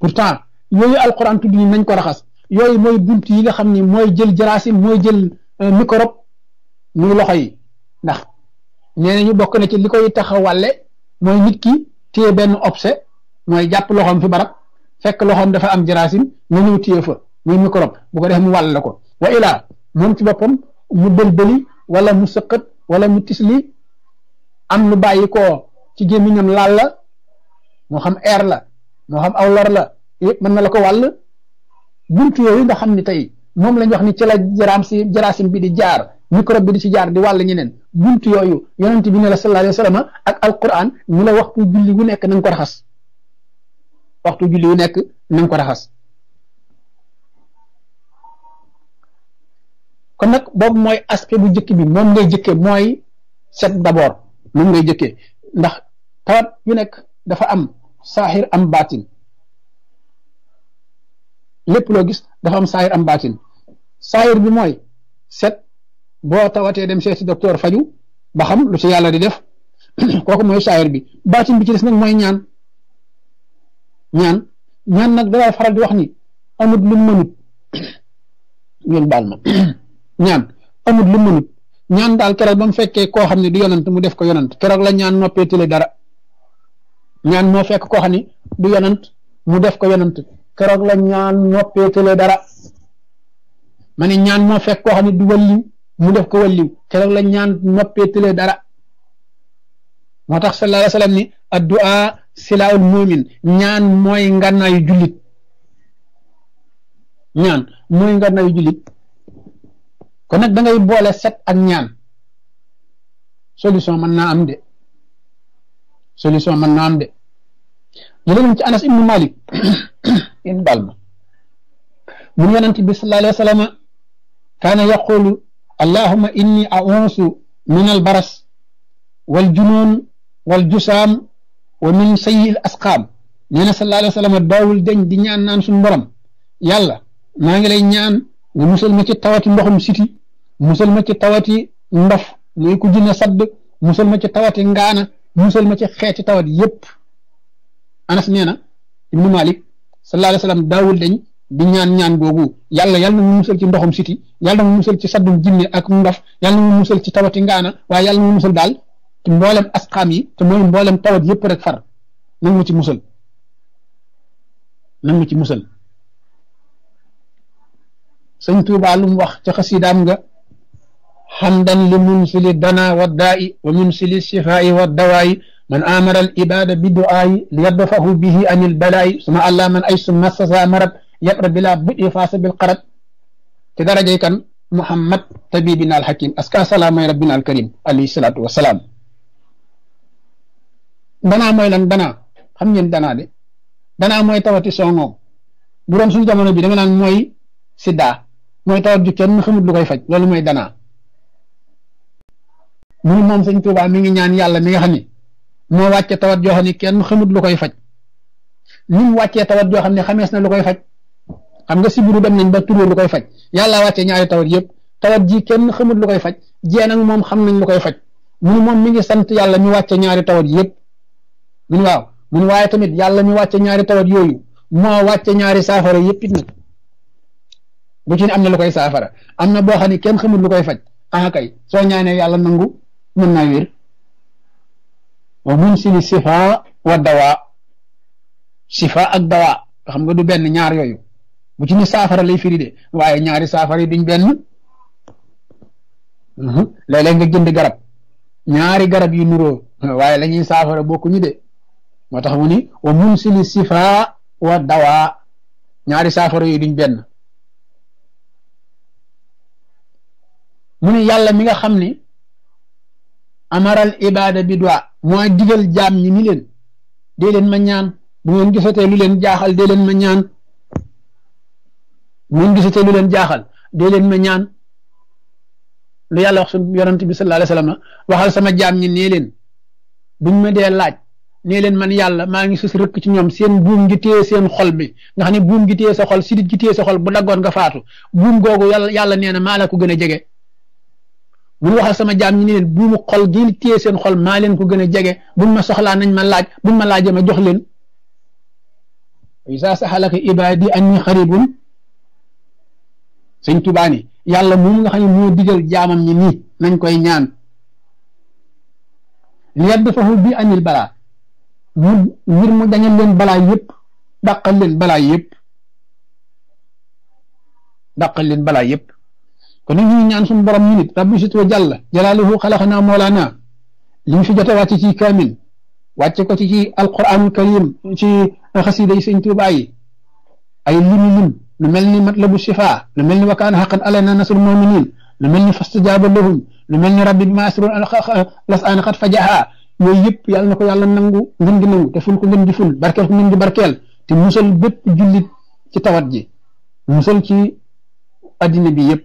pourtant yooyu alquran tudd nañ ko raxas yooyu mooy bunt yi nga xam ni mooy jël jaraasim mooy jël euh, microbe muy loxo yi ndax nee nañu bokk na ci li koy taxawale mooy nit ki téye benn obse mooy jàpp loxoom fi barab fekk loxoom dafa am jaraasim nga ñëw téye fa muy microbe bu ko def mu wàll la ko wa ilaa moom ci boppam mu bëlbëli wala mu sëqët wala mu tisli am lu bàyyi ci gémmiñam laal la moo xam air la moo xam aw lor la yëpp mën na la ko wàll buntu yooyu nga xam ni tey moom lañ wax ni ci la jaraam si jaraasim bi di jaar microbe bi di ci jaar di wàll ñeneen buntu yooyu yonent bi ne la sallallahu alayhi wa ak alquran ñu la waxtu julli wu nekk na ko raxas waxtu julli wu nekk na ko raxas kon nag boobu mooy aspect bu jëkk bi moom ngay jëkke mooy set d'abord moom ngay jëkke ndax tawat yu nek dafa am sahir am batin. lepp lo gis dafa am sahir am batin. Sahir bi moy set bo tawate dem seeti docteur faju ba xam lu ci yalla di def koku moy sahir bi batin bi ci dess nyan moy ñaan ñaan ñaan nag dalaay faral di wax ni amut lu mënut Nyan dal ma ñaan amut lu mënut ñaan dal keroog bam fekke ko xamni du yonent mu def ko yonent keroog la ñaan noppeetile dara ñaan mo fekk ko xani du yonent mu def ko yonent kërok la ñaan noppeetale dara mani ñaan mo fekk ko xani du walliw mu def ko walliw kërok la ñaan noppeetale dara moo tax sallallahu alayhi wasallam ni addu'a silaul mu'min ñaan mooy ngannaayu julit ñaan mooy julit kon nak da ngay boole set ak ñaan solution man na am de solution man na am de jëlee nañ ci anas ibnu malik in bal ma mun yonent bi sallallahu alayhi wa sallam kaana yaqulu allahuma inni auusu min wa min sayyi al asqaam nee na sallallahu alayhi wa sallam daawul di ñaan naan suñu borom yàlla maa ngi lay ñaan nga musal ma ci tawati ndoxum siti musal ma ci tawati ndof muy ku jinne sadd musal ma ci tawati ngaana musal ma ci xeeti tawat yépp anas nee na ibnu malik sallallahu alayhi daawul dañ di ñaan ñaan googu yàlla yàlla na mu musal ci ndoxum siti yàlla na mu musal ci saddum jinne ak ndof yàlla na mu musal ci tawati ngaana waaye yàlla na mu musal daal ci mboolem asqaam yi te mooy mboolem tawat yëpp rek far nan mu ci musal nan mu ci musal sëñ Tuubaa lu mu wax ca xasidaam nga xamdan li munsili dana wa daa i wa sifaa i wa dawaa من امر العباد بدعاء ليضفه به عن البلاء سمع الله من اي مسس مرب يقرب بلا بدء فاس بالقرب تدرج كان محمد طبيبنا الحكيم اسكا سلام ربنا الكريم عليه الصلاه والسلام دنا موي لان دنا خم نين دنا دي دنا موي تاوتي سونو بورون سون جامونو بي دنا موي سيدا موي تاوت دي كين خمود لو فاج لولو موي دنا مو مام سيني توبا ميغي نيان يالا ميغي خاني moo wàcce tawat joo xam ne kenn xamut lu koy faj ni mu wàccee tawat joo xam ne xamees na lu koy faj xam nga sibiru dem nañ ba turoo lu koy faj yàlla wàccee ñaari tawat yëpp tawat ji kenn xamut lu koy faj jeen ak moom xam nañ lu koy faj mun moom mi ngi sant yàlla mi wàcce ñaari tawat yëpp mun waaw mun waaye tamit yàlla mi wàcce ñaari tawat yooyu moo wàcce ñaari saafara yëpp it bu ci ne am na lu koy saafara am na boo xam ne kenn xamut lu koy faj ah kay soo ñaanee yàlla nangu mën naa wér wa munsili sifa wa dawaa sifa ak dawaa xam nga du benn ñaar yooyu bu ci ne saafara lay firi de waaye ñaari saafara yi duñ benn mhm. léeg nga jënd garab ñaari garab yu nuroo waaye lañuy ñuy saafara bokkuñu de moo tax mu ni wa munsili sifa wa dawa ñaari saafara yooyu duñ benn mu ni yàlla mi nga xam ni amaral ibaada bi doi mooy digal jaam ñi ni leen dee leen ma ñaan bu ngeen gisatee lu leen jaaxal dee ma ñaan bu ngeen gisatee lu leen jaaxal dee leen ma ñaan lu yàlla wax suñu yonent bi sa alayhi wasallam waxal sama jaam ñi nee leen buñ ma dee laaj nee leen man yàlla maa ngi sus rëkk ci ñoom seen buum gi téye seen xol bi nga xam ne buum gi téye sa xol sidit gi téye sa xol bu daggoon ga faatu buum googu yàlla yàlla nee na maa la ko gën a jege bul waxal sama jaam ñi ne leen buumu xol gii téye seen xol maa leen ko gën a jege buñ ma soxlaa nañ ma laaj buñ ma laajee ma jox leen isa saxalaka ibaadi anni xaribun sëñ Tuubaa ni yàlla moom nga xam ne moo digal jaamam ni nii nañ koy ñaan liyadfahu bi anil balaa mu ngir mu dañal leen balaa yëpp dàqal balaa yëpp dàqal leen balaa yëpp kon nag ñu ñaan suñu borom ñu nit rabbi sit wa jàll jalaaluhu xalaxanaa moolaana fi jot a ci kaamil wàcce ko ci ci alquranul karim ci xasida yi sëñ yi ay limi lim lu mel matlabu shifa lu mel ni wakaan xaqan alayna nasrul muminin lu mel ni lahum lu mel rabbi bima asrun las fajaha yooyu yëpp yàlla na ko nangu ngën gi nangu te ful ko ngën gi ful barkeel ko ngën gi te musal ci tawat ji musal ci bi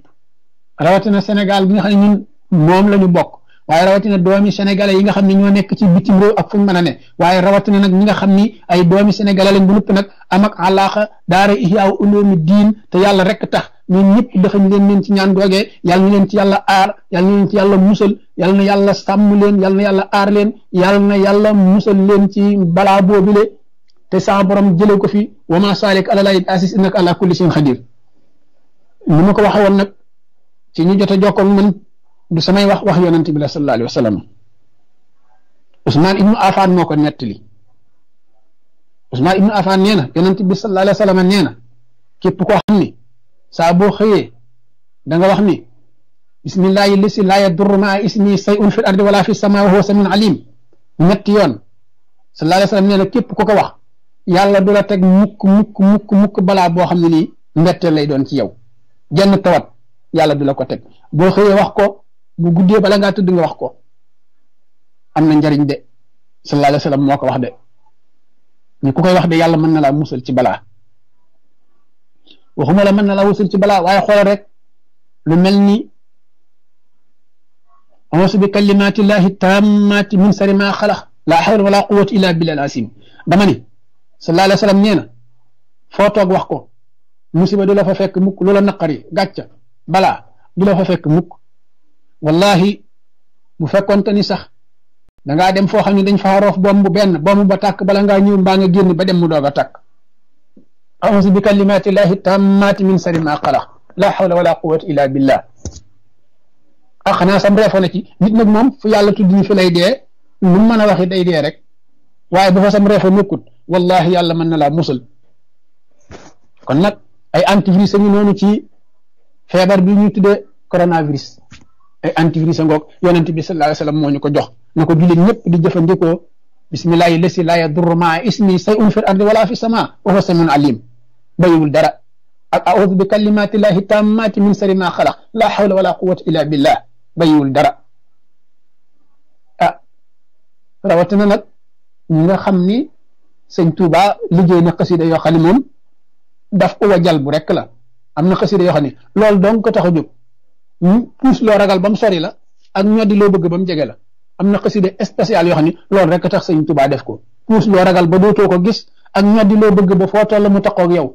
rawatina Sénégal bi nga xam ne ñun moom la ñu bokk waaye rawatina doomi sénégalais yi nga xam ne ñoo nekk ci bitim réew ak fu a ne waaye rawatina nag ñi nga xam ni ay doomi sénégalais lañ bu nupp nag amak ak àllaaxa daara ihyaa diin te yàlla rek tax ñun ñëpp dëxañ leen leen ci ñaan googee yàlla ñu leen ci yàlla aar yàlla ñu leen ci yàlla musal yàlla na yàlla sàmm leen yàlla na yàlla aar leen yàlla na yàlla musal leen ci balaa boobile te saa borom jëlee ko fi wa maa saalik ala laahi bi aziiz innaka ala kulli shay'in ma ko waxee nag ci ñu jot jokk jokkoog man du samay wax wax yonnati bi sallallahu alaihi wasallam sallam Ousmane ibnu afan moo ko nettali Ousmane ibnu afan nee na bi sallallahu alaihi wasallam sallam kep ko xamni sa bo xeye da nga wax ni bismillahi lisi la yadurru ma ismi sayun fil ardi wala fis samaa wa huwa samiun alim ñetti yon sallallahu alaihi wasallam sallam kep ko ko wax yalla dula tek teg mukk mukk mukk mukk balaa lay don ci yow jenn tawat yàlla du la ko teg boo xëyee wax ko bu guddee bala ngaa tudd nga wax ko am na njariñ de sallallahu alayhi wa moo ko wax de ni ku koy wax de yàlla mën na laa musal ci balaa waxuma la mën na laa musal ci balaa waaye xoolal rek lu mel ni awuusu bi kalimaatillahi taammaati min sari maa xalax laa xawla wala quwwata illa billahil asiim dama ni sallallahu alayhi foo toog wax ko musiba du la fa fekk mukk loola naqari gàcca balaa du la fa fekk mukk wallahi bu fekkonte ni sax da ngaa dem foo xam ne dañ faa roof bu benn bomb ba tàkk bala ngaa ñëw mbaa nga génn ba dem mu doog a tàkk auzu bi kalimati llahi tammaati min sari ma xalaq la hawla wala quwwata illa billah ah xanaa sam reefoo na ci nit nag moom fu yàlla tudd ñu lay dee lu mu mën a waxi day dee rek waaye bu fa sam reefoo nukkut wallahi yàlla mën na laa musal kon nag ay antivirus a ngi noonu ci feebar bi ñu tuddee coronavirus ay antivirus a ngoog yonent bi sallallahu alayhi wa moo ñu ko jox na ko jullit ñëpp di jëfandikoo bismillahi lesi laa yadurru maa ismi sayun fil ardi wala fi sama wa huwa samiun alim bayiwul dara ak audu bi kalimatillahi tammati min sari ma xalaq la hawla wala quwata dara ah rawatina nag ñu nga xam ni sëñ Tuuba liggéey na xasida yoo xam moom daf uwa jal bu la am na xasida yoo xam ne loolu dong ko tax a jóg hmm? puus loo ragal ba mu sori la ak ñoddi loo bëgg ba mu jege la am na xasida spécial yoo xam ne loolu rek tax sëñ Tuubaa def ko puus loo ragal ba dootoo ko gis ak ñoddi loo bëgg ba foo toll mu taxoo ak yow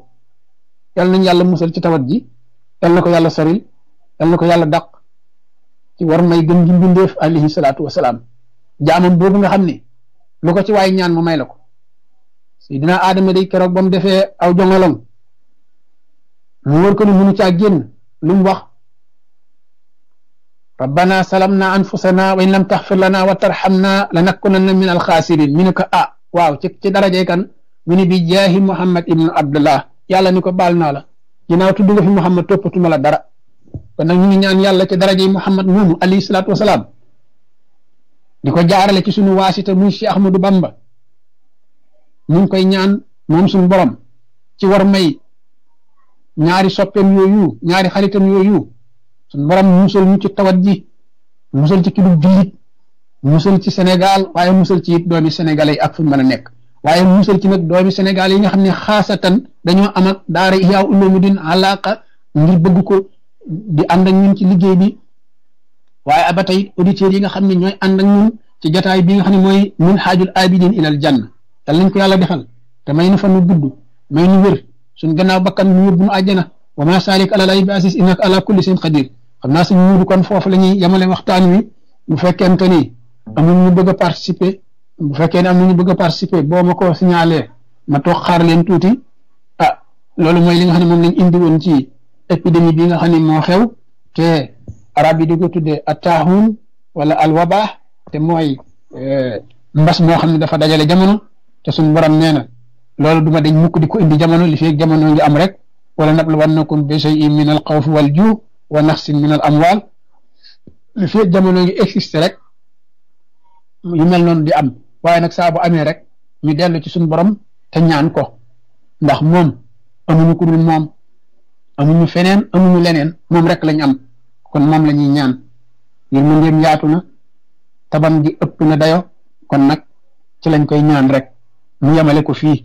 yal nañ yàlla musal ci tawat ji yal na ko yàlla soril yal na ko yàlla dàq ci war may gën gi mbindeef alayhi salaatu wasalaam jaamam boobu nga xam ne lu ko ci waay ñaan mu may la ko Seydina Adama day keroog ba mu defee aw jongolong mu wër ko ni munu caa génn lu mu wax rabbana salamna anfusana wa in lam taxfir lana wa tarhamna, lanakunanna min al khasirin. min ko a ah, waaw ci ci daraje kan mu bi jahi muhammad ibn abdullah yalla ni ko baal la tuddu fi muhammad toppatuma la dara kon nak ñu ngi ñaan yalla ci daraje muhammad moomu ali salatu wasalam di jaarale ci sunu wasita muy si ahmadu bamba mu ngi koy ñaan mom sunu borom ci war may ñaari soppeem yooyu ñaari xaritam yooyu suñ borom musal ci tawat ji musal ci ki du jullit musal ci Sénégal waaye musal ci it doomi Sénégal yi ak mën a nekk waaye musal ci nag doomi Sénégal yi nga xam ne xaasatan dañoo am ak daara Ihya Ulumuddin alaaka ngir bëgg ko di ànd ak ñun ci liggéey bi waaye aba tey auditeurs yi nga xam ne ñooy ànd ñun ci jataay bi nga xam ne mooy Minhajul Abidin ilal janna dal nañ ko yàlla defal te may nu fan nu gudd may nu wér suñ gannaaw bakkan mu yóbbu nu àjjana wa ma saalik ala lay bi asis innaka ala kulli sin qadir xam naa suñ muudu kon foofu la ñuy yemale waxtaan wi bu fekkente ni amuñ ñu bëgg a participer bu fekkee ne am na bëgg a participer boo ma ko signalé ma toog xaar leen tuuti ah loolu mooy li nga xam ne moom lañ indi woon ci épidémie bi nga xam ne moo xew te arab yi di ko tuddee attaaxuun wala alwaba te mooy euh, mbas moo xam ne dafa dajale jamono te suñ borom nee na loolu duma de mukk di ko indi jamono li feeg jamono ngi am rek wala nabluwannakum bi shay'in min al xawfi wal juu wa naqsin min al amwal li feeg jamono ngi existé rek yu mel noon di am waaye nag saa bu amee rek ñu dellu ci suñu borom te ñaan ko ndax moom amuñu ku dul moom amuñu feneen amuñu leneen moom rek lañ am kon moom la ñuy ñaan ngir mu ngeen yaatu na gi ëpp na dayo kon nag ci lañ koy ñaan rek mu yemale ko fii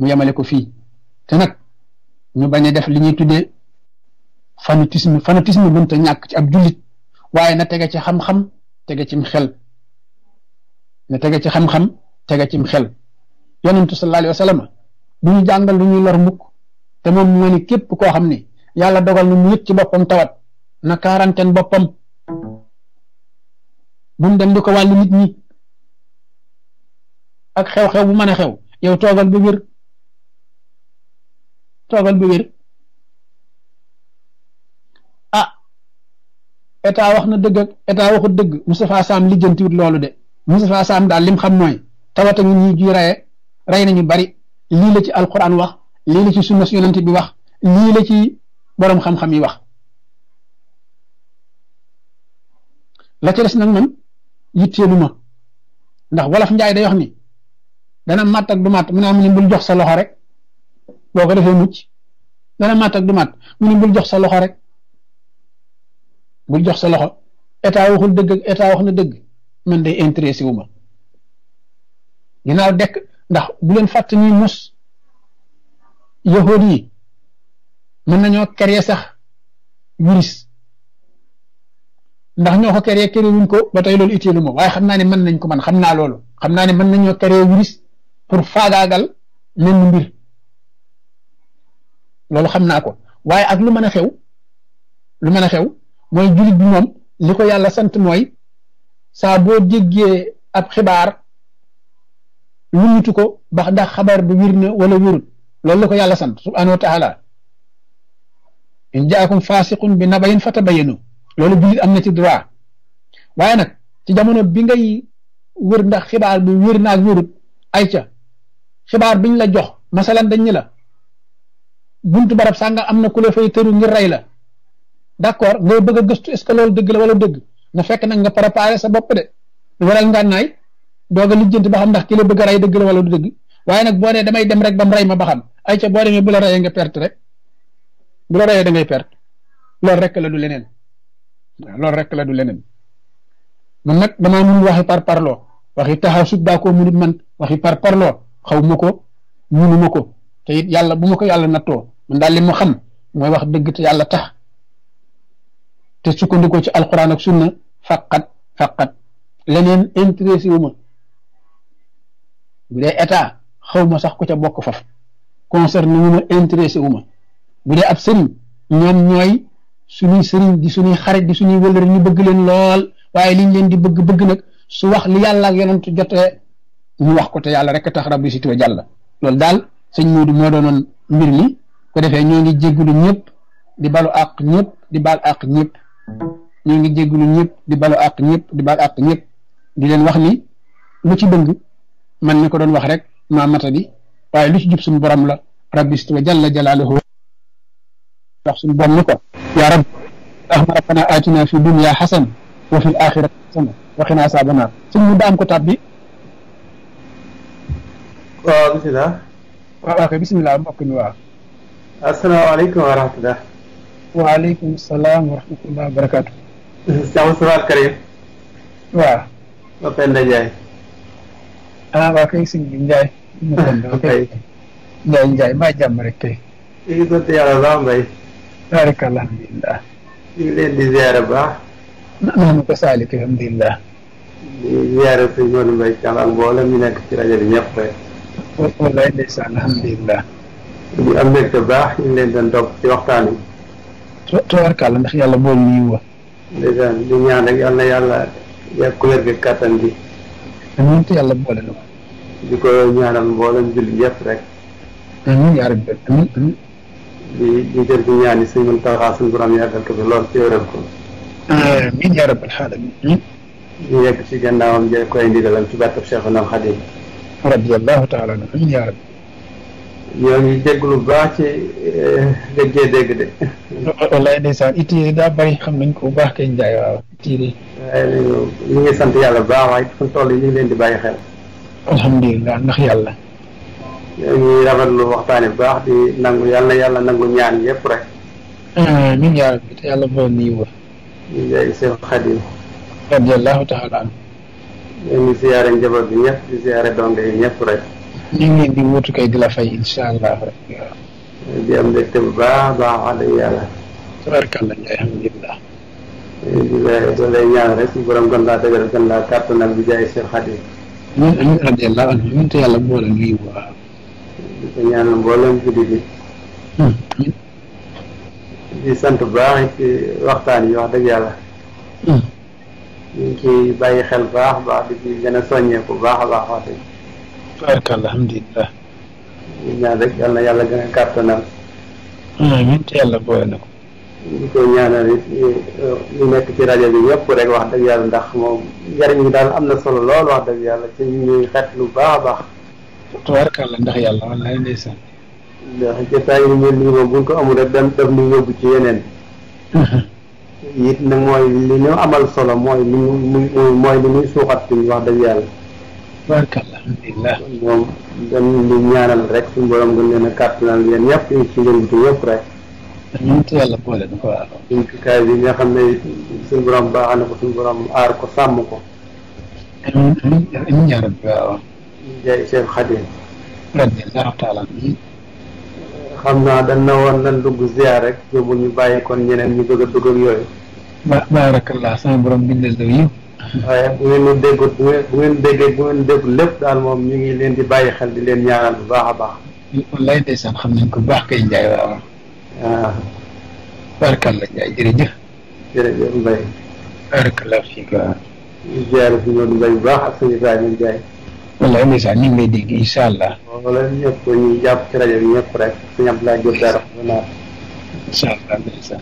mu yemale ko fii te nag ñu bañ a def li ñuy tuddee fanatisme fanatisme mënta ñàkk ci ab jullit waaye na tege ci xam-xam tege cim xel na tege ci xam-xam tege cim xel yonentu sallallahu alayhi wa ñu jàngal lu ñuy lor mukk te moom moo ni képp koo xam ne yàlla dogal na mu yëg ci boppam tawat na quarantaine boppam bu mu dem di ko wàllu nit ñi ak xew-xew bu mën a xew yow toogal ba toogal ba wér ah état wax na dëgg ak état waxut dëgg Moustapha Sam lijjantiwut loolu de Moustapha Sam daal lim xam mooy tawata ngi ñi ji raye rey nañu bari lii la ci alquran wax lii ci sunna su yonent bi wax lii la ci boroom xam-xam yi wax la ca des nag man yitteelu ma ndax wolof njaay da wax mi dana màtt ak du màtt mu ne am ni jox sa loxo rek boo ko defee mucc dana mat du mat mu ne bul jox sa loxo rek bul jox sa loxo état waxul dëgg ak état wax na dëgg man day intéressé wu ma ginnaaw dekk ndax bu leen fàtt ñuy mus yahood yi mën nañoo créer sax virus ndax ñoo ko créer créer ko ba tey loolu itteelu ma waaye xam naa ne mën nañ ko man xam naa loolu xam naa ne mën nañoo créer virus pour faagaagal menn mbir loolu xam naa ko waaye ak lu mën a xew lu mën a xew mooy jullit bi moom li ko yàlla sant mooy saa boo jéggee ab xibaar lu mutu ko ba ndax xabaar bi wir na wala wirut loolu la ko yàlla sant subhanahu wa taala in jaakum fasiqun bi nabayin fatabayanu loolu jullit am na ci droit waaye nag ci jamono bi ngay wër ndax xibaar bi wir na ak ay ca xibaar biñ la jox masalan da ni la buntu barab sànga am na ku la fay tëru ngir rey la d'accord ngay bëgg a gëstu est dëgg la wala dëgg na fekk na nga préparé sa bopp de waral ngànnaay doog a lijjanti ba xam ndax ki bëgg a rey dëgg la wala du dëgg waaye nag boo nee damay dem rek ba mu rey ma ba xam ay ca boo bu la reyee nga perte rek bu la reyee da loolu rek leneen waaw loolu rek leneen man nag damaa mun waxi par parloo waxi taxaw sut baa ko munut man waxi par parloo xaw ma ko munu ma ko te it yàlla bu ma ko yàlla nattoo man dal li ma xam moy wax deug te yalla tax te sukkandiko ci alquran ak sunna faqat faqat leneen interesse wuma bu dee état xawma sax ko ca bokk faf concerne wu ma interesse wuma bu dee ab sëriñ ñoom ñoy suñu sëriñ di suñu xarit di suñu wëlër ñu bëgg leen lool waye liñ leen di bëgg-bëgg nak su wax li yalla ak yonent jotté ñu wax ko te yalla rek tax rabbi ci tuwa jalla lool dal sëñ Modou moo doonoon mbir mi ko defé ñoo ngi jéggulu ñëpp di balu ak ñëpp di bal ak ñëpp ñoo ngi jéggulu ñëpp di balu ak ñëpp di bal ak ñëpp di leen wax ni lu ci dëng man ni ko doon wax rek mata matadi waaye lu ci jup suñu borom la rabbi jalla jalaluhu wax suñu bon ni ko ya rab ahma atina fi dunya hasan wa fil akhirati hasan wa qina asabana suñu daam ko tabbi waaw waaw kay bisimilah mbokk mi waaw. asalaamaaleykum wa rahmatulah. waaleykum salaam wa rahmatulah wa barakaatu. Cheikh Moustapha Al Karim. waaw. Ba Penda Ndiaye. ah waa kay sëñ bi Ndiaye. Ndiaye Ndiaye maa jàmm rek kay. ñu ngi sant yàlla baax mbay. baraka alhamdulilah. ñu ngi leen di ziare baax. naanu ko saalik alhamdulilah. di ziare sëñ Modou Mbaye Thiam ak mboolem ñu nekk ci rajo bi ñëpp rek. wallaay ndeysaan alhamdulilah di am mbégte baax ñu leen doon topp ci waxtaan yi tabarkàlla ndax yàlla bool lii wa ndeysaan di ñaan rek yal na yàlla yàkku wér gi kàttan bi amiin te yàlla boole na ko di ko ñaanal mboolem jullit yëpp rek amiin yaa rabbi amiin amiin di di jël ci ñaan yi suñ mën taxaa suñ borom yàggal ko fi lool ci wéral ko amiin yaa rabbal aalamiin ñu yegg ci gannaawam jël koy ndigalam ci bàttab Cheikhul Khadim radiyallahu taala anhu amiin yaa rabbi ñoo ngi jégalu baax ci eh, déggee dégg de. wallaay ndeysaan it yi daa bëri xam nañ ko bu baax kay Ndiaye waaw it yi. Eh, ñu ngi sant yàlla bu baax waaye fu toll ñu ngi leen di bàyyi xel. alhamdulilah ndax yàlla. ñoo ngi rafetlu bu baax nangu yàlla yàlla nangu ñaan yëpp rek. ñun yaa rabbi te yàlla booy nii wër. ñu ngi lay seen xadim. radiyallahu ñu ngi ziare njaboot bi ñëpp di ziare donte yi ñëpp rek. ñu ngi di wutu kay di la fay incha allah rek. di am mbégte baax baax wax dëgg yàlla. tabaarkalla alhamdulilah. di lay ñaan rek si borom gën laa dëgëral gën laa kàttanal bi jaay Cheikh Khadim. ñun amin radiyallahu anhu ñun te boole ñuy waa. di ko ñaanal mboolem guddi hmm, gi. sant bu baax waxtaan yi wax dëgg yàlla. ñu ngi ciy bàyyi xel baax baax di ci gën a soññeeku baax a baax wax dëgg. baraka alhamdulilah. ñu ñaan rek yal na yàlla gën a kàttanal. amiin te yàlla boole na ko. di ko ñaanal it ñu nekk ci rajo bi ñëpp rek wax dëgg yàlla ndax moom njariñ bi daal am na solo lool wax dëgg yàlla ci ñu ñuy xet lu baax a baax. tubaarkàlla ndax yàlla wallaay ndeysaan. ndax jotaay yu mel nii moom buñ ko amul rek dem daf ñu yóbbu ci yeneen. it na mooy li ñu amal solo mooy li muy mooy suuxat suñu wax dëgg yàlla. barakallah alhamdulilah. moom dañ di ñaanal rek suñu borom gën leen a kàttanal yéen ñëpp ci yëngatu yëpp rek. ñun ci yàlla boole na ko waaw. suñu kikaay bi nga xam ne suñu borom baax na ko suñu borom aar ko sàmm ko. amiin amiin amiin yaa rabbi waaw. jaay Cheikh Khadim. xam naa dañ na woon nan dugg ziar rek yóbbu ñu bàyyi kon ñeneen ñu bëgg a yooyu. ba baarakallah sama borom bindal la yiw waaye bu ngeen ñu déggut bu ngeen bu ngeen déggee bu ngeen déggut lépp daal moom ñu ngi leen di bàyyi xel di leen ñaanal bu baax a baax wallaay ndeysaan xam nañ ko baax kay Njaay waaw waaw ah. baarakallah Njaay jërëjëf jërëjëf Mbaye baarakallah fii quoi ziyaare fi ñoon Mbaye bu baax ak sëñ Ibrahima Njaay wallaay ndeysaan ñu ngi lay dégg incha allah wala ñëpp ñu jàpp ci rajo bi ñëpp rek sëñ Abdoulaye Diop dara incha allah ndeysaan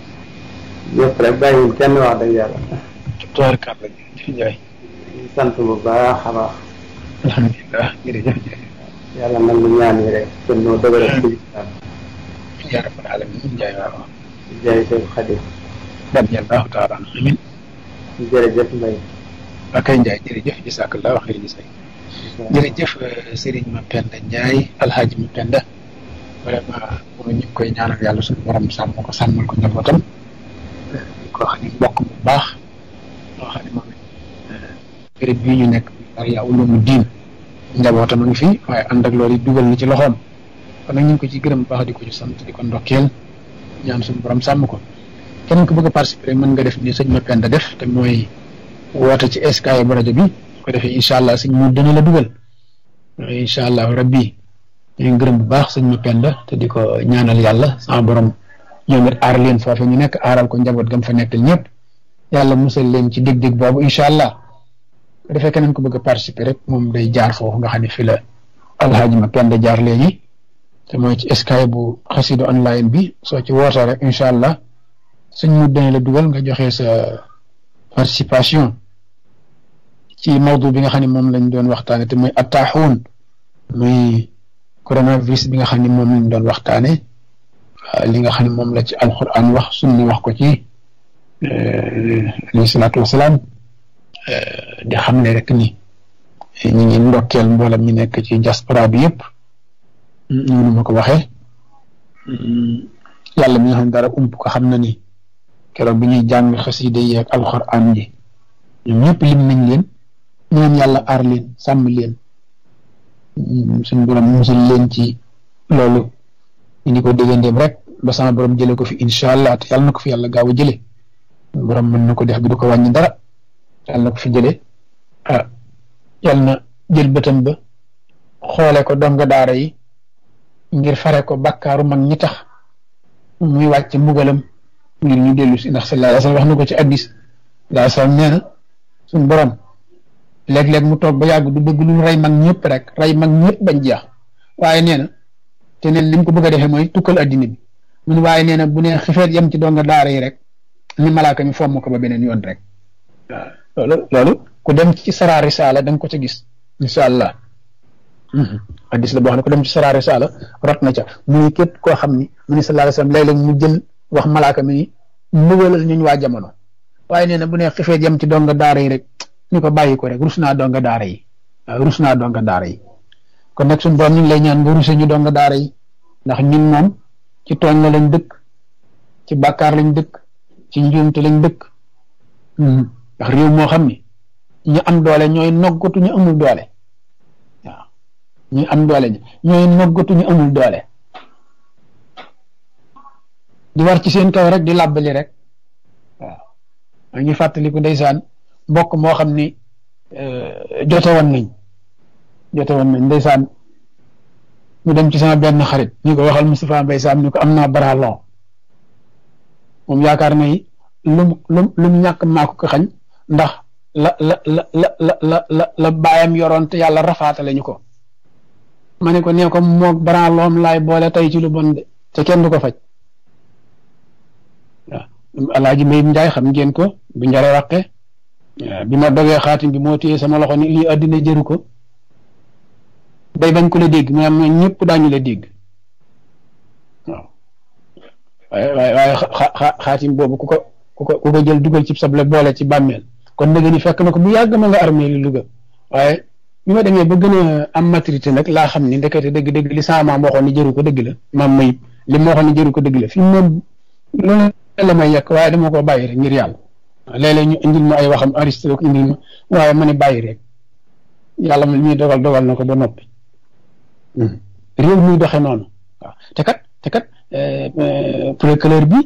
yëpp rek bàyyiwul kenn wax dëgg yàlla. tubaarkaal la jërëjëf sant bu baax a baax. alhamdulilah jërëjëf yàlla man lu ñaan yi rek kenn noo dëgëral ci islam. rabbal alamin waaw. taala amin. jërëjëf Mbaye. ak Ndiaye jërëjëf jisaakallahu xëy na say. jërëjëf Serigne Mapenda Ndiaye Alhaji Mapenda vraiment ñu koy ñaanal yàlla suñu borom sàmm ko sàmmal ko njabootam loo xam ne mbokk bu baax loo xam ne bii ñu nekk Arya Ulum diin njabootam a ngi fi waaye ànd ak loolu dugal na ci loxoom kon nag ñu ngi ko ci gërëm baax di ko ci sant di ko ndokkeel ñaan suñu borom sàmm ko kenn ku bëgg a participer mën nga def ni sëñ ma penda def te mooy woote eh, ci Sky bu rajo bi su ko defee incha allah sëñ mu dana la dugal incha allah rabbi ñu ngi gërëm bu baax sëñ ma penda te di ko ñaanal yàlla sama borom ñoom it aar leen foofe ñu nekk aaral ko njaboot gam fa nekk ñëpp yàlla musal leen ci dég-dég boobu incha allah bu fekkee nañ ko bëgg a participer rek moom day jaar foofu nga xam ne fi la alhaaji ma pende jaar léegi te mooy ci skype bu xasidu online bi soo ci wootee rek incha allah suñ mu dañ la dugal nga joxe sa participation ci mawdu bi nga xam ne moom lañ doon waxtaane te mooy attaaxuun muy coronavirus bi nga xam ne moom lañ doon waxtaane li nga xam ne moom la ci alquran wax sunna wax ko ci eh, alayhi salaatu wasalaam eh, di xam le rek ni ñu ngi ndokkeel mboolem mi nekk ci diaspora bi yëpp noonu ko waxe yàlla mi nga xam dara ump ko xam na ni keroog bi ñuy jàng xasida yi ak alquran ji ñoom ñëpp lim nañ leen ñoom yàlla aar leen sàmm leen suñ borom musal leen ci loolu ñu di ko déggandeem rek ba sama borom jele ko fi inshallah allah te fi yalla gaaw jele borom man nako def bi du ko dara yalla nako fi jele ha ah, yalla na jël bëtam ba xoole ko donga daara yi ngir fare ko bakkaaru mag ñi tax muy wacc mugalam ngir ñu delu ci ndax sallallahu alaihi wasallam wax ci hadith da sa neena sun borom leg leg mu tok ba yag du bëgg lu ray mag ñepp rek ray mag ñepp bañ jeex waye neena te neen ko bëgg moy tukkal bi mun waaye nee na bu nee xifeet yem ci donga daara yi rek ni malaaka mi fomm ko ba beneen yoon rek waaw ah, loolu ku dem ci sara risaala da ko ca gis incha allah mhm. hadis la boo xam ne ku dem ci sara risaala na ca muy képp koo xam ni mu ni sallallahu mu jël wax malaaka mi ni mbugalal ñu waa jamono waaye nee na bu nee xifeet yem ci donga daara yi rek ni ko bàyyi ko rus naa donga daara yi ah, rus naa donga daara yi kon nag suñu borom ñu lay ñaan nga ruse ñu donga daara yi ndax ñun moom ci tooñ la lañ dëkk ci bakkaar lañ dëkk ci njuumte lañ dëkk hmm. ndax réew moo xam ni ñu am doole ñooy noggatu ñu amul doole waaw ñu am doole ñooy noggatu ñu amul doole di war ci seen kaw rek di làbbali rek waaw ma ngi fàttaliku ndeysaan mbokk moo xam ni euh, jote woon nañ jote woon nañ ndeysaan mu dem ci sama benn xarit ñu ko waxal Moustapha Mbaye Sam ñu ko am na bara lon moom yaakaar na yi lum lum lum ñàkk maa ko xañ ndax la la la la la baayam yoroon te yàlla rafaatale ñu ko ma ne ko nee ko moog bara loom laay boole tey ci lu bon de te kenn du ko faj waaw alaaji Mbay Njaay xam ngeen ko bu njare waqe bi ma dogee xaatim bi moo téye sama loxo ni lii àddina jëru ko day bañ ko la dégg mu am ñëpp daañu la dégg waaw waaye waaye waaye xaatim boobu ku ko ku ko ku ko jël dugal ci sable boole ci bàmmeel kon nga ni fekk na ko bu yàgg ma nga armé li Louga waaye bi ma demee ba gën a am maturité nak laa xam ni ndekete dëgg dëgg li sama maam waxoon ni jëru ko dëgg la maam may li ma waxoon ni jëru ko dëgg la fi moom loolu la may yekk waaye dama ko bàyyi rek ngir yàlla léeg ñu indil ma ay waxam aristoloque indil ma waaye ma ne bàyyi rek yàlla mi dogal dogal na ko ba noppi Hmm. réew muy doxé tekat tekat te kat té kat euh, euh, procureur bi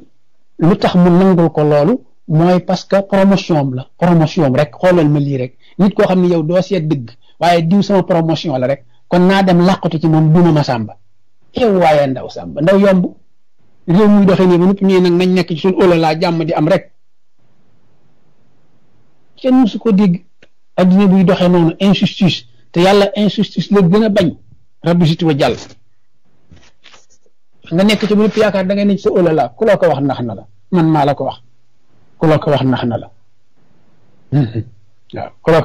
lu tax mu nangul ko lolu moy parce que promotion la promotion rek xolal ma li rek nit ko xamni yow dossier deug waye waaye diw sama promotion la rek kon na dem làqatu ci mom duma ma samba yow waye ndaw samba ndaw yomb réew muy doxé ni ba ñi nak nañ nek ci sun óola laa di am rek kenn musu ko dégg adduna buy doxe noonu injustice te yalla injustice le gëna bañ rabisitu wa jàll nga nekk ci bu lépp yaakaar da ngay ne ci ku la ko wax nax na la man maa ko wax ku la wax nax na la waaw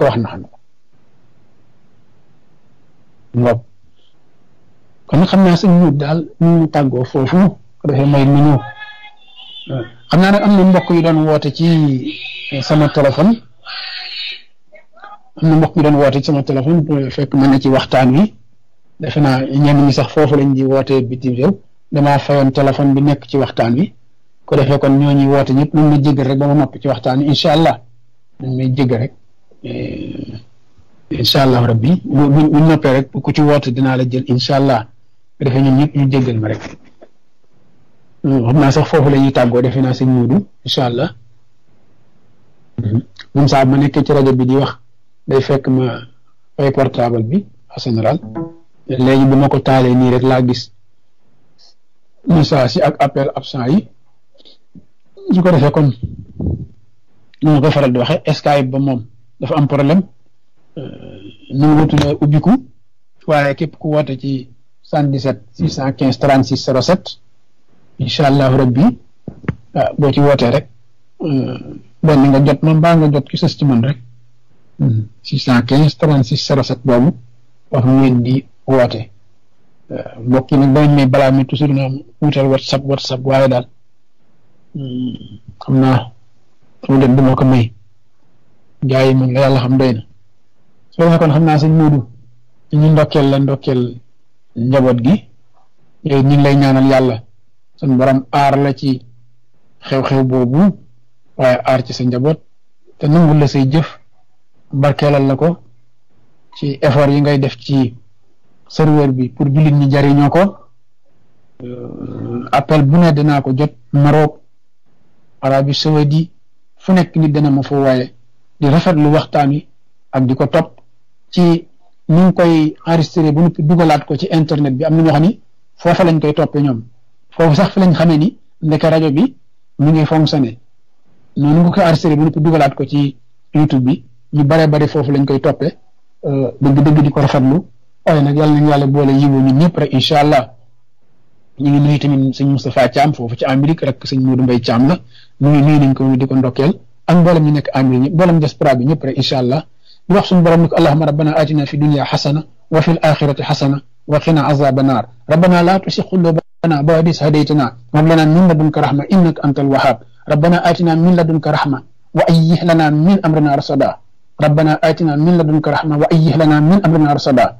wax nax na xam naa suñ daal ñu tàggoo naa nag am mbokk yu doon woote ci eh, sama téléphone am na mbokk yu doon woote ci sama téléphone fekk mën na ci waxtaan wi defe naa ñenn sax foofu lañ di wootee bitim réew damaa fayoon téléphone bi nekk ci waxtaan wi ko defee kon ñoo ñëpp nañ ma jéggal rek ba ma noppi ci allah nañ may jéggal rek eh, incha allah rabbi bu bu noppee rek ku ci woote dinaa la jël incha allah ko defee ñun ñu jéggal ma rek hmm, naa sax foofu la ñuy tàggoo defe naa sëñ Muudu incha allah hmm. moom saa ma nekkee ci rajo bi di wax day fekk ma fay portable bi en général léegi bu ma ko taalee nii rek laa gis message yi ak appel absent yi su ko defee kon nu ma ko faral di waxee Skype ba moom dafa am problème euh, nu mu wutulee ubbiku waaye képp ku woote ci cent six 77 615 36 07 incha allahu rabbi ah boo ci wootee rek euh, benn nga jot ma mbaa nga jot ki sës ci man rek 615 36 07 boobu wax ngeen di. woote mbokk yi nag danañ may balaa mi toujours na am wutal whatsapp whatsapp waaye daal hmm, xam naa su dem duma ko may gaa yi moom la yàlla xam doy na soo waxee kon xam na sëñ Moodu ñu ndokkeel la ndokkeel njaboot gi eh, ñu ngi lay ñaanal yàlla suñ borom aar la ci xew-xew boobu waaye aar ci sa njaboot te nangul la say jëf barkeelal la ko ci effort yi ngay def ci serveur bi pour jullit ñi jariñoo ko euh, appel bu ne danaa ko jot Maroc Arabie Saoudi fu nekk nit dana ma foo waaye di rafetlu waxtaan wi ak di ko topp ci ni ngi koy arrestre bu noppi dugalaat ko ci internet bi am na ñoo xam ni foofa lañ koy toppee ñoom foofu sax fi lañ xamee ni ndeke rajo bi mu ngi fonctionné noonu nga koy enregistré bu noppi dugalaat ko ci YouTube bi ñu bare bare foofu lañ koy toppee euh, dëgg-dëgg di ko rafetlu waaye nag yàlla nañu yàlla boole yiwu ñu ñëpp rek incha allah ñu ngi nuyu tamit sëñ Moustapha Thiam foofu ci Amérique rek sëñ Modou Mbaye Thiam la ñu ngi nuyu nañ ko di ko ndokkeel ak mboolem ñu nekk Amérique ñëpp mboolem diaspora bi ñëpp rek incha allah di wax suñu borom ni ko allahuma rabbana atina fi dunia xasana wa fi l axirati xasana wa qina azaba naar rabbana la tusi qulubana ba'da is hadaytana wa hab lana min ladunka rahma innaka antal wahhab rabbana atina min ladunka rahma wa ayyih lana min amrina rasada rabbana atina min ladunka rahma wa ayyih lana min amrina rasada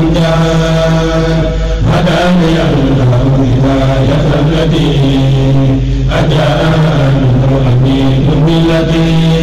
الجهاد هداني الله هداية التي أجاء من ربي ملتي